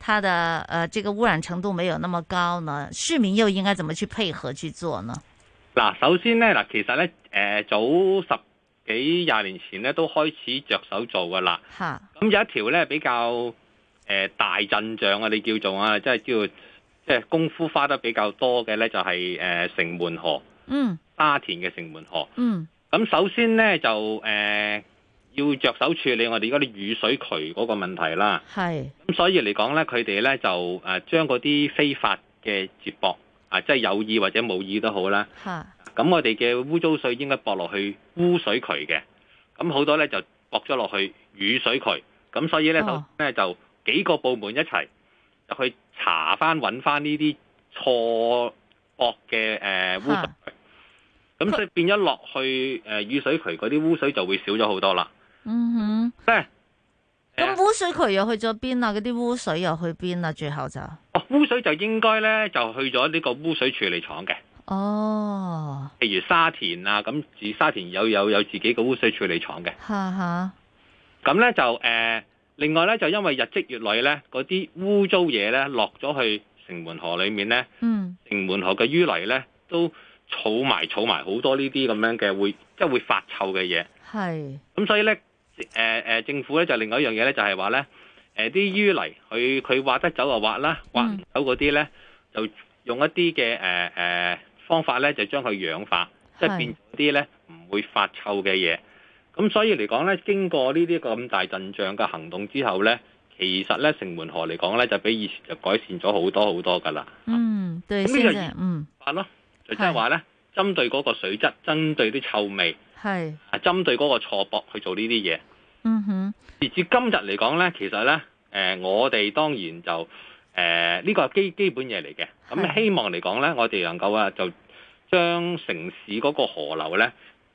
它的誒、呃，這個污染程度沒有那麼高呢，市民又應該怎麼去配合去做呢？嗱，首先呢，嗱，其實呢，誒、呃，早十幾廿年前呢都開始着手做噶啦。吓咁哈有一條呢比較誒、呃、大陣仗啊，你叫做啊，即、就、係、是、叫即係功夫花得比較多嘅呢，就係、是、誒、呃、城門河。嗯。沙田嘅城門河。嗯。咁首先呢，就誒。呃要着手處理我哋嗰啲雨水渠嗰個問題啦，係是，咁所以嚟講咧，佢哋咧就誒將嗰啲非法嘅接駁啊，即係有意或者冇意都好啦，吓，咁我哋嘅污糟水應該駁落去污水渠嘅，咁好多咧就駁咗落去雨水渠，咁所以咧就咧就幾個部門一齊就去查翻揾翻呢啲錯駁嘅誒污水渠，咁是所以變咗落去誒雨水渠嗰啲污水就會少咗好多啦。嗯哼，咁污水渠又去咗邊啦？嗰啲污水又去邊啦？最後就哦，污水就應該咧就去咗呢個污水處理廠嘅。哦，譬如沙田啊，咁自沙田有有有自己個污水處理廠嘅。吓吓哈，咁咧就誒、呃，另外咧就因為日積月累咧，嗰啲污糟嘢咧落咗去城門河裏面咧，嗯，城門河嘅淤泥咧都儲埋儲埋好多呢啲咁樣嘅會即係、就是、會發臭嘅嘢。係是，咁、嗯、所以咧。誒誒、呃，政府咧就另外一樣嘢咧，就係話咧，誒啲淤泥，佢佢挖得走就挖啦，挖唔走嗰啲咧，就用一啲嘅誒誒方法咧，就將佢氧化，即係變啲咧唔會發臭嘅嘢。咁是所以嚟講咧，經過呢啲咁大陣仗嘅行動之後咧，其實咧城門河嚟講咧，就比以前就改善咗好多好多㗎啦。嗯，呢樣嘢，嗯，係咯，就即係話咧，針對嗰個水質，針對啲臭味，係是，啊，針對嗰個錯駁去做呢啲嘢。嗯哼，截至今日嚟講咧，其實咧，誒、呃，我哋當然就誒，呢、呃這個係基基本嘢嚟嘅。咁希望嚟講咧，的我哋能夠啊，就將城市嗰個河流咧，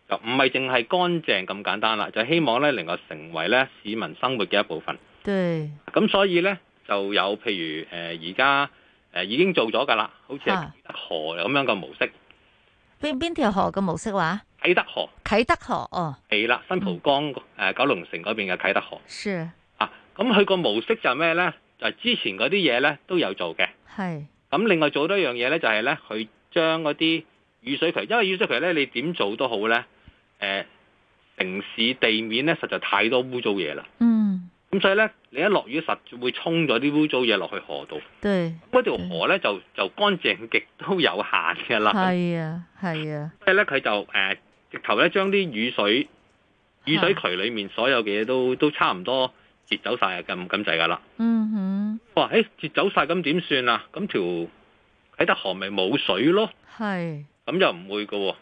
就唔係淨係乾淨咁簡單啦，就希望咧能夠成為咧市民生活嘅一部分。對。咁所以咧就有譬如誒而家誒已經做咗噶啦，好似啟德河咁樣嘅模式。邊邊條河嘅模式話？啟德河，啟德河哦，係啦，新蒲崗誒、嗯呃，九龍城嗰邊嘅啟德河。是啊，咁佢個模式就係咩咧？就係、之前嗰啲嘢咧都有做嘅。係。咁另外做多一樣嘢咧，就係咧佢將嗰啲雨水渠，因為雨水渠咧你點做都好咧，誒、呃，城市地面咧實在太多污糟嘢啦。嗯。咁所以咧，你一落雨實會沖咗啲污糟嘢落去河度。對。嗰條河咧就就乾淨極都有限嘅啦。係啊，係啊。即係咧，佢就誒。呃直頭咧，將啲雨水雨水渠裏面所有嘅嘢都的都差唔多截走晒，啊！咁咁滯噶啦。嗯哼。我話、欸：，截走晒，咁點算啊？咁條啟德河咪冇水咯。係的。咁又唔會嘅喎、哦。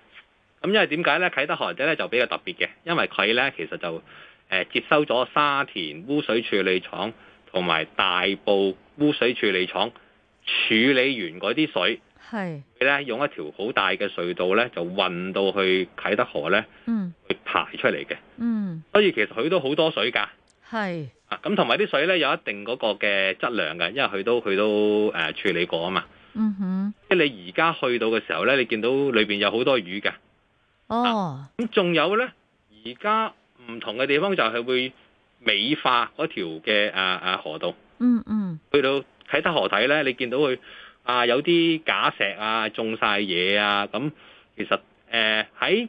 咁因為點解咧？啟德河仔咧就比較特別嘅，因為佢咧其實就誒、呃、接收咗沙田污水處理廠同埋大埔污水處理廠處理完嗰啲水。係佢咧用一條好大嘅隧道咧，就運到去啟德河咧，嗯，去排出嚟嘅，嗯，所以其實佢都好多水噶，係啊，咁同埋啲水咧有一定嗰個嘅質量嘅，因為佢都佢都誒、呃、處理過啊嘛，嗯哼，即係你而家去到嘅時候咧，你見到裏邊有好多魚噶，哦，咁仲、啊、有咧，而家唔同嘅地方就係會美化嗰條嘅啊啊河道，嗯嗯，嗯去到啟德河睇咧，你見到佢。啊！有啲假石啊，種晒嘢啊，咁其實誒喺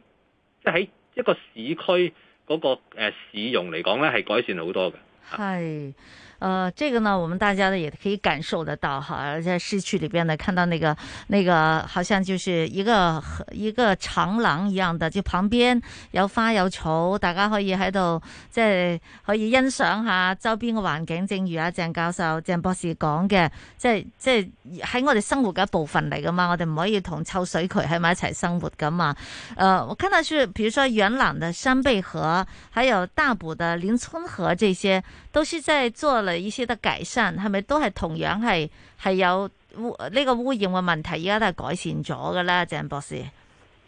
即喺一個市區嗰個誒市容嚟講咧，係改善好多嘅。係。呃，這個呢，我們大家呢也可以感受得到哈。在市區裏邊呢，看到那個那個，好像就是一個一個長廊一樣的，就旁邊有花有草，大家可以喺度即係可以欣賞下周邊嘅環境正，啊。正如阿鄭教授、鄭博士講嘅，即係即係喺我哋生活嘅一部分嚟噶嘛。我哋唔可以同臭水渠喺埋一齊生活噶嘛。呃，跟住，比如說元朗的山貝河，還有大埔的林村河，這些都是在做。意思得解善，係咪都係同樣係係有污呢個污染嘅問題？而家都係改善咗噶啦，鄭博士。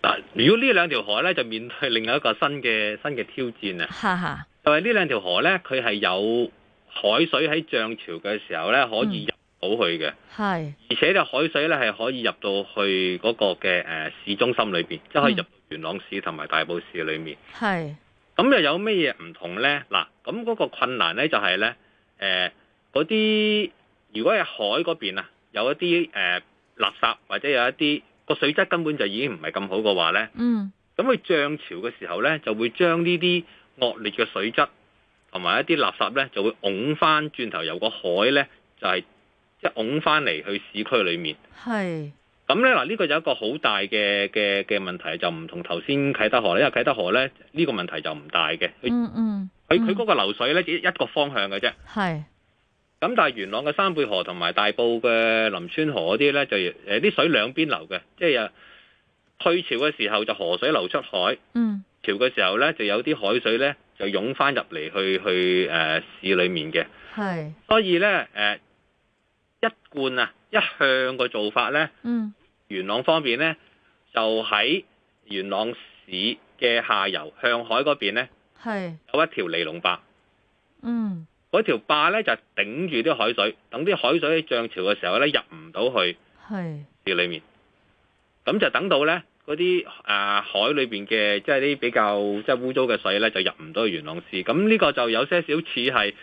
但如果呢兩條河咧，就面對另一個新嘅新嘅挑戰啊！哈哈，就係呢兩條河咧，佢係有海水喺漲潮嘅時候咧，可以入到去嘅。係、嗯，而且咧是海水咧係可以入到去嗰個嘅誒市中心裏邊，嗯、即係可以入元朗市同埋大埔市裏面。係是，咁又有咩嘢唔同咧？嗱，咁嗰個困難咧就係咧。誒，嗰啲，呃、如果係海嗰邊啊，有一啲誒、呃、垃圾或者有一啲個水質根本就已經唔係咁好嘅話咧，嗯，咁佢漲潮嘅時候咧，就會將呢啲惡劣嘅水質同埋一啲垃圾咧，就會拱翻轉頭，由個海咧，就係即拱翻嚟去市區裏面。係。咁咧嗱，呢個有一個好大嘅嘅嘅問題，就唔同頭先啟德河咧，因為啟德河咧呢個問題就唔大嘅。嗯嗯，佢佢嗰個流水咧，只一個方向嘅啫。係。咁但係元朗嘅山貝河同埋大埔嘅林村河嗰啲咧，就誒啲水兩邊流嘅，即係啊退潮嘅時候就河水流出海，嗯，潮嘅時候咧就有啲海水咧就湧翻入嚟去去誒市裏面嘅。係。所以咧誒，一貫啊！一向個做法咧，嗯、元朗方面呢，就喺元朗市嘅下游向海嗰邊咧，是有一條尼龍壩。嗯，嗰條壩咧就係頂住啲海水，等啲海水漲潮嘅時候呢，入唔到去。係，市裏面，咁是就等到呢嗰啲誒海裏邊嘅即係啲比較即係污糟嘅水呢，就入唔到去元朗市。咁呢個就有些少似係，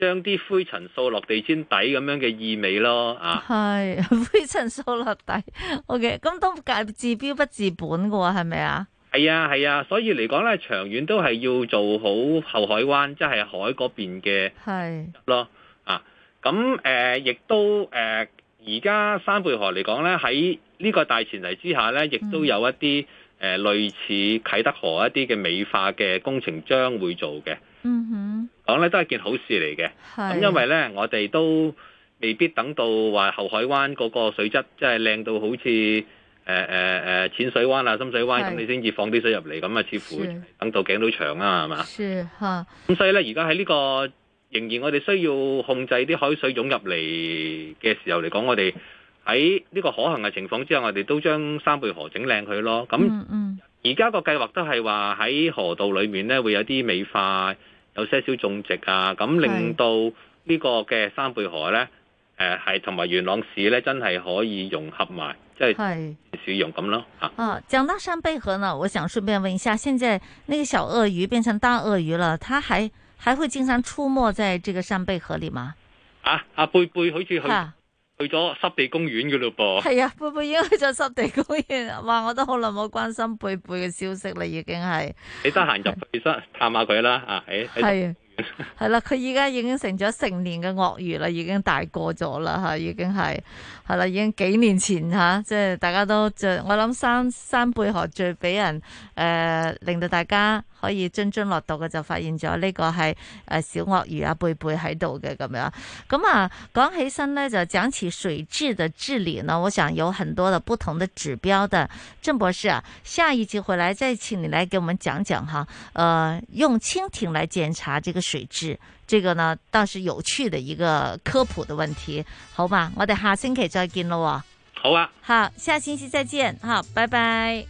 將啲灰塵掃落地氈底咁樣嘅意味咯，啊，係灰塵掃落地，OK，咁都係治標不治本嘅喎，係咪啊？係啊，係啊，所以嚟講咧，長遠都係要做好後海灣，即係海嗰邊嘅係咯，啊，咁誒，亦都誒，而家山貝河嚟講咧，喺呢個大前提之下咧，亦都有一啲誒類似啟德河一啲嘅美化嘅工程將會做嘅。嗯哼，講咧都係一件好事嚟嘅。咁是，因為咧我哋都未必等到話後海灣嗰個水質即係靚到好似誒誒誒淺水灣啊深水灣咁，是你先至放啲水入嚟，咁，啊似乎等到頸都長啦，係嘛是？咁吧、啊、所以咧，而家喺呢個仍然我哋需要控制啲海水湧入嚟嘅時候嚟講，我哋喺呢個可行嘅情況之下，我哋都將三貝河整靚佢咯。咁，嗯，而家個計劃都係話喺河道裏面咧會有啲美化。有些少種植啊，咁令到個呢個嘅山貝河咧，誒係同埋元朗市咧，真係可以融合埋，即係是 少融咁咯、啊。啊，講到山貝河呢，我想順便問一下，現在那個小鱷魚變成大鱷魚了，它還還會經常出沒在這個山貝河裏嗎？啊，阿貝貝好似去。去咗濕地公園㗎喇噃，係啊，貝貝已經去咗濕地公園啦。哇，我都好耐冇關心貝貝嘅消息啦，已經係。你得閒入去探下佢啦，吓是，係係啦，佢而家已經成咗成年嘅鱷魚啦，已經大個咗啦，吓，已經係係啦，已經幾年前吓、啊，即係大家都就我諗三，山貝河最俾人誒、呃、令到大家，可以津津樂道嘅就發現咗呢個係誒小鱷魚阿貝貝喺度嘅，咁樣，咁啊講起身咧，就講起水質嘅治理呢，我想有很多嘅不同嘅指標的。鄭博士啊，下一集回來再請你來給我們講講哈。誒、呃，用蜻蜓來檢查這個水質，這個呢倒是有趣的一個科普的問題，好嘛？我哋下星期再見咯，好啊。好，下星期再見，好，拜拜。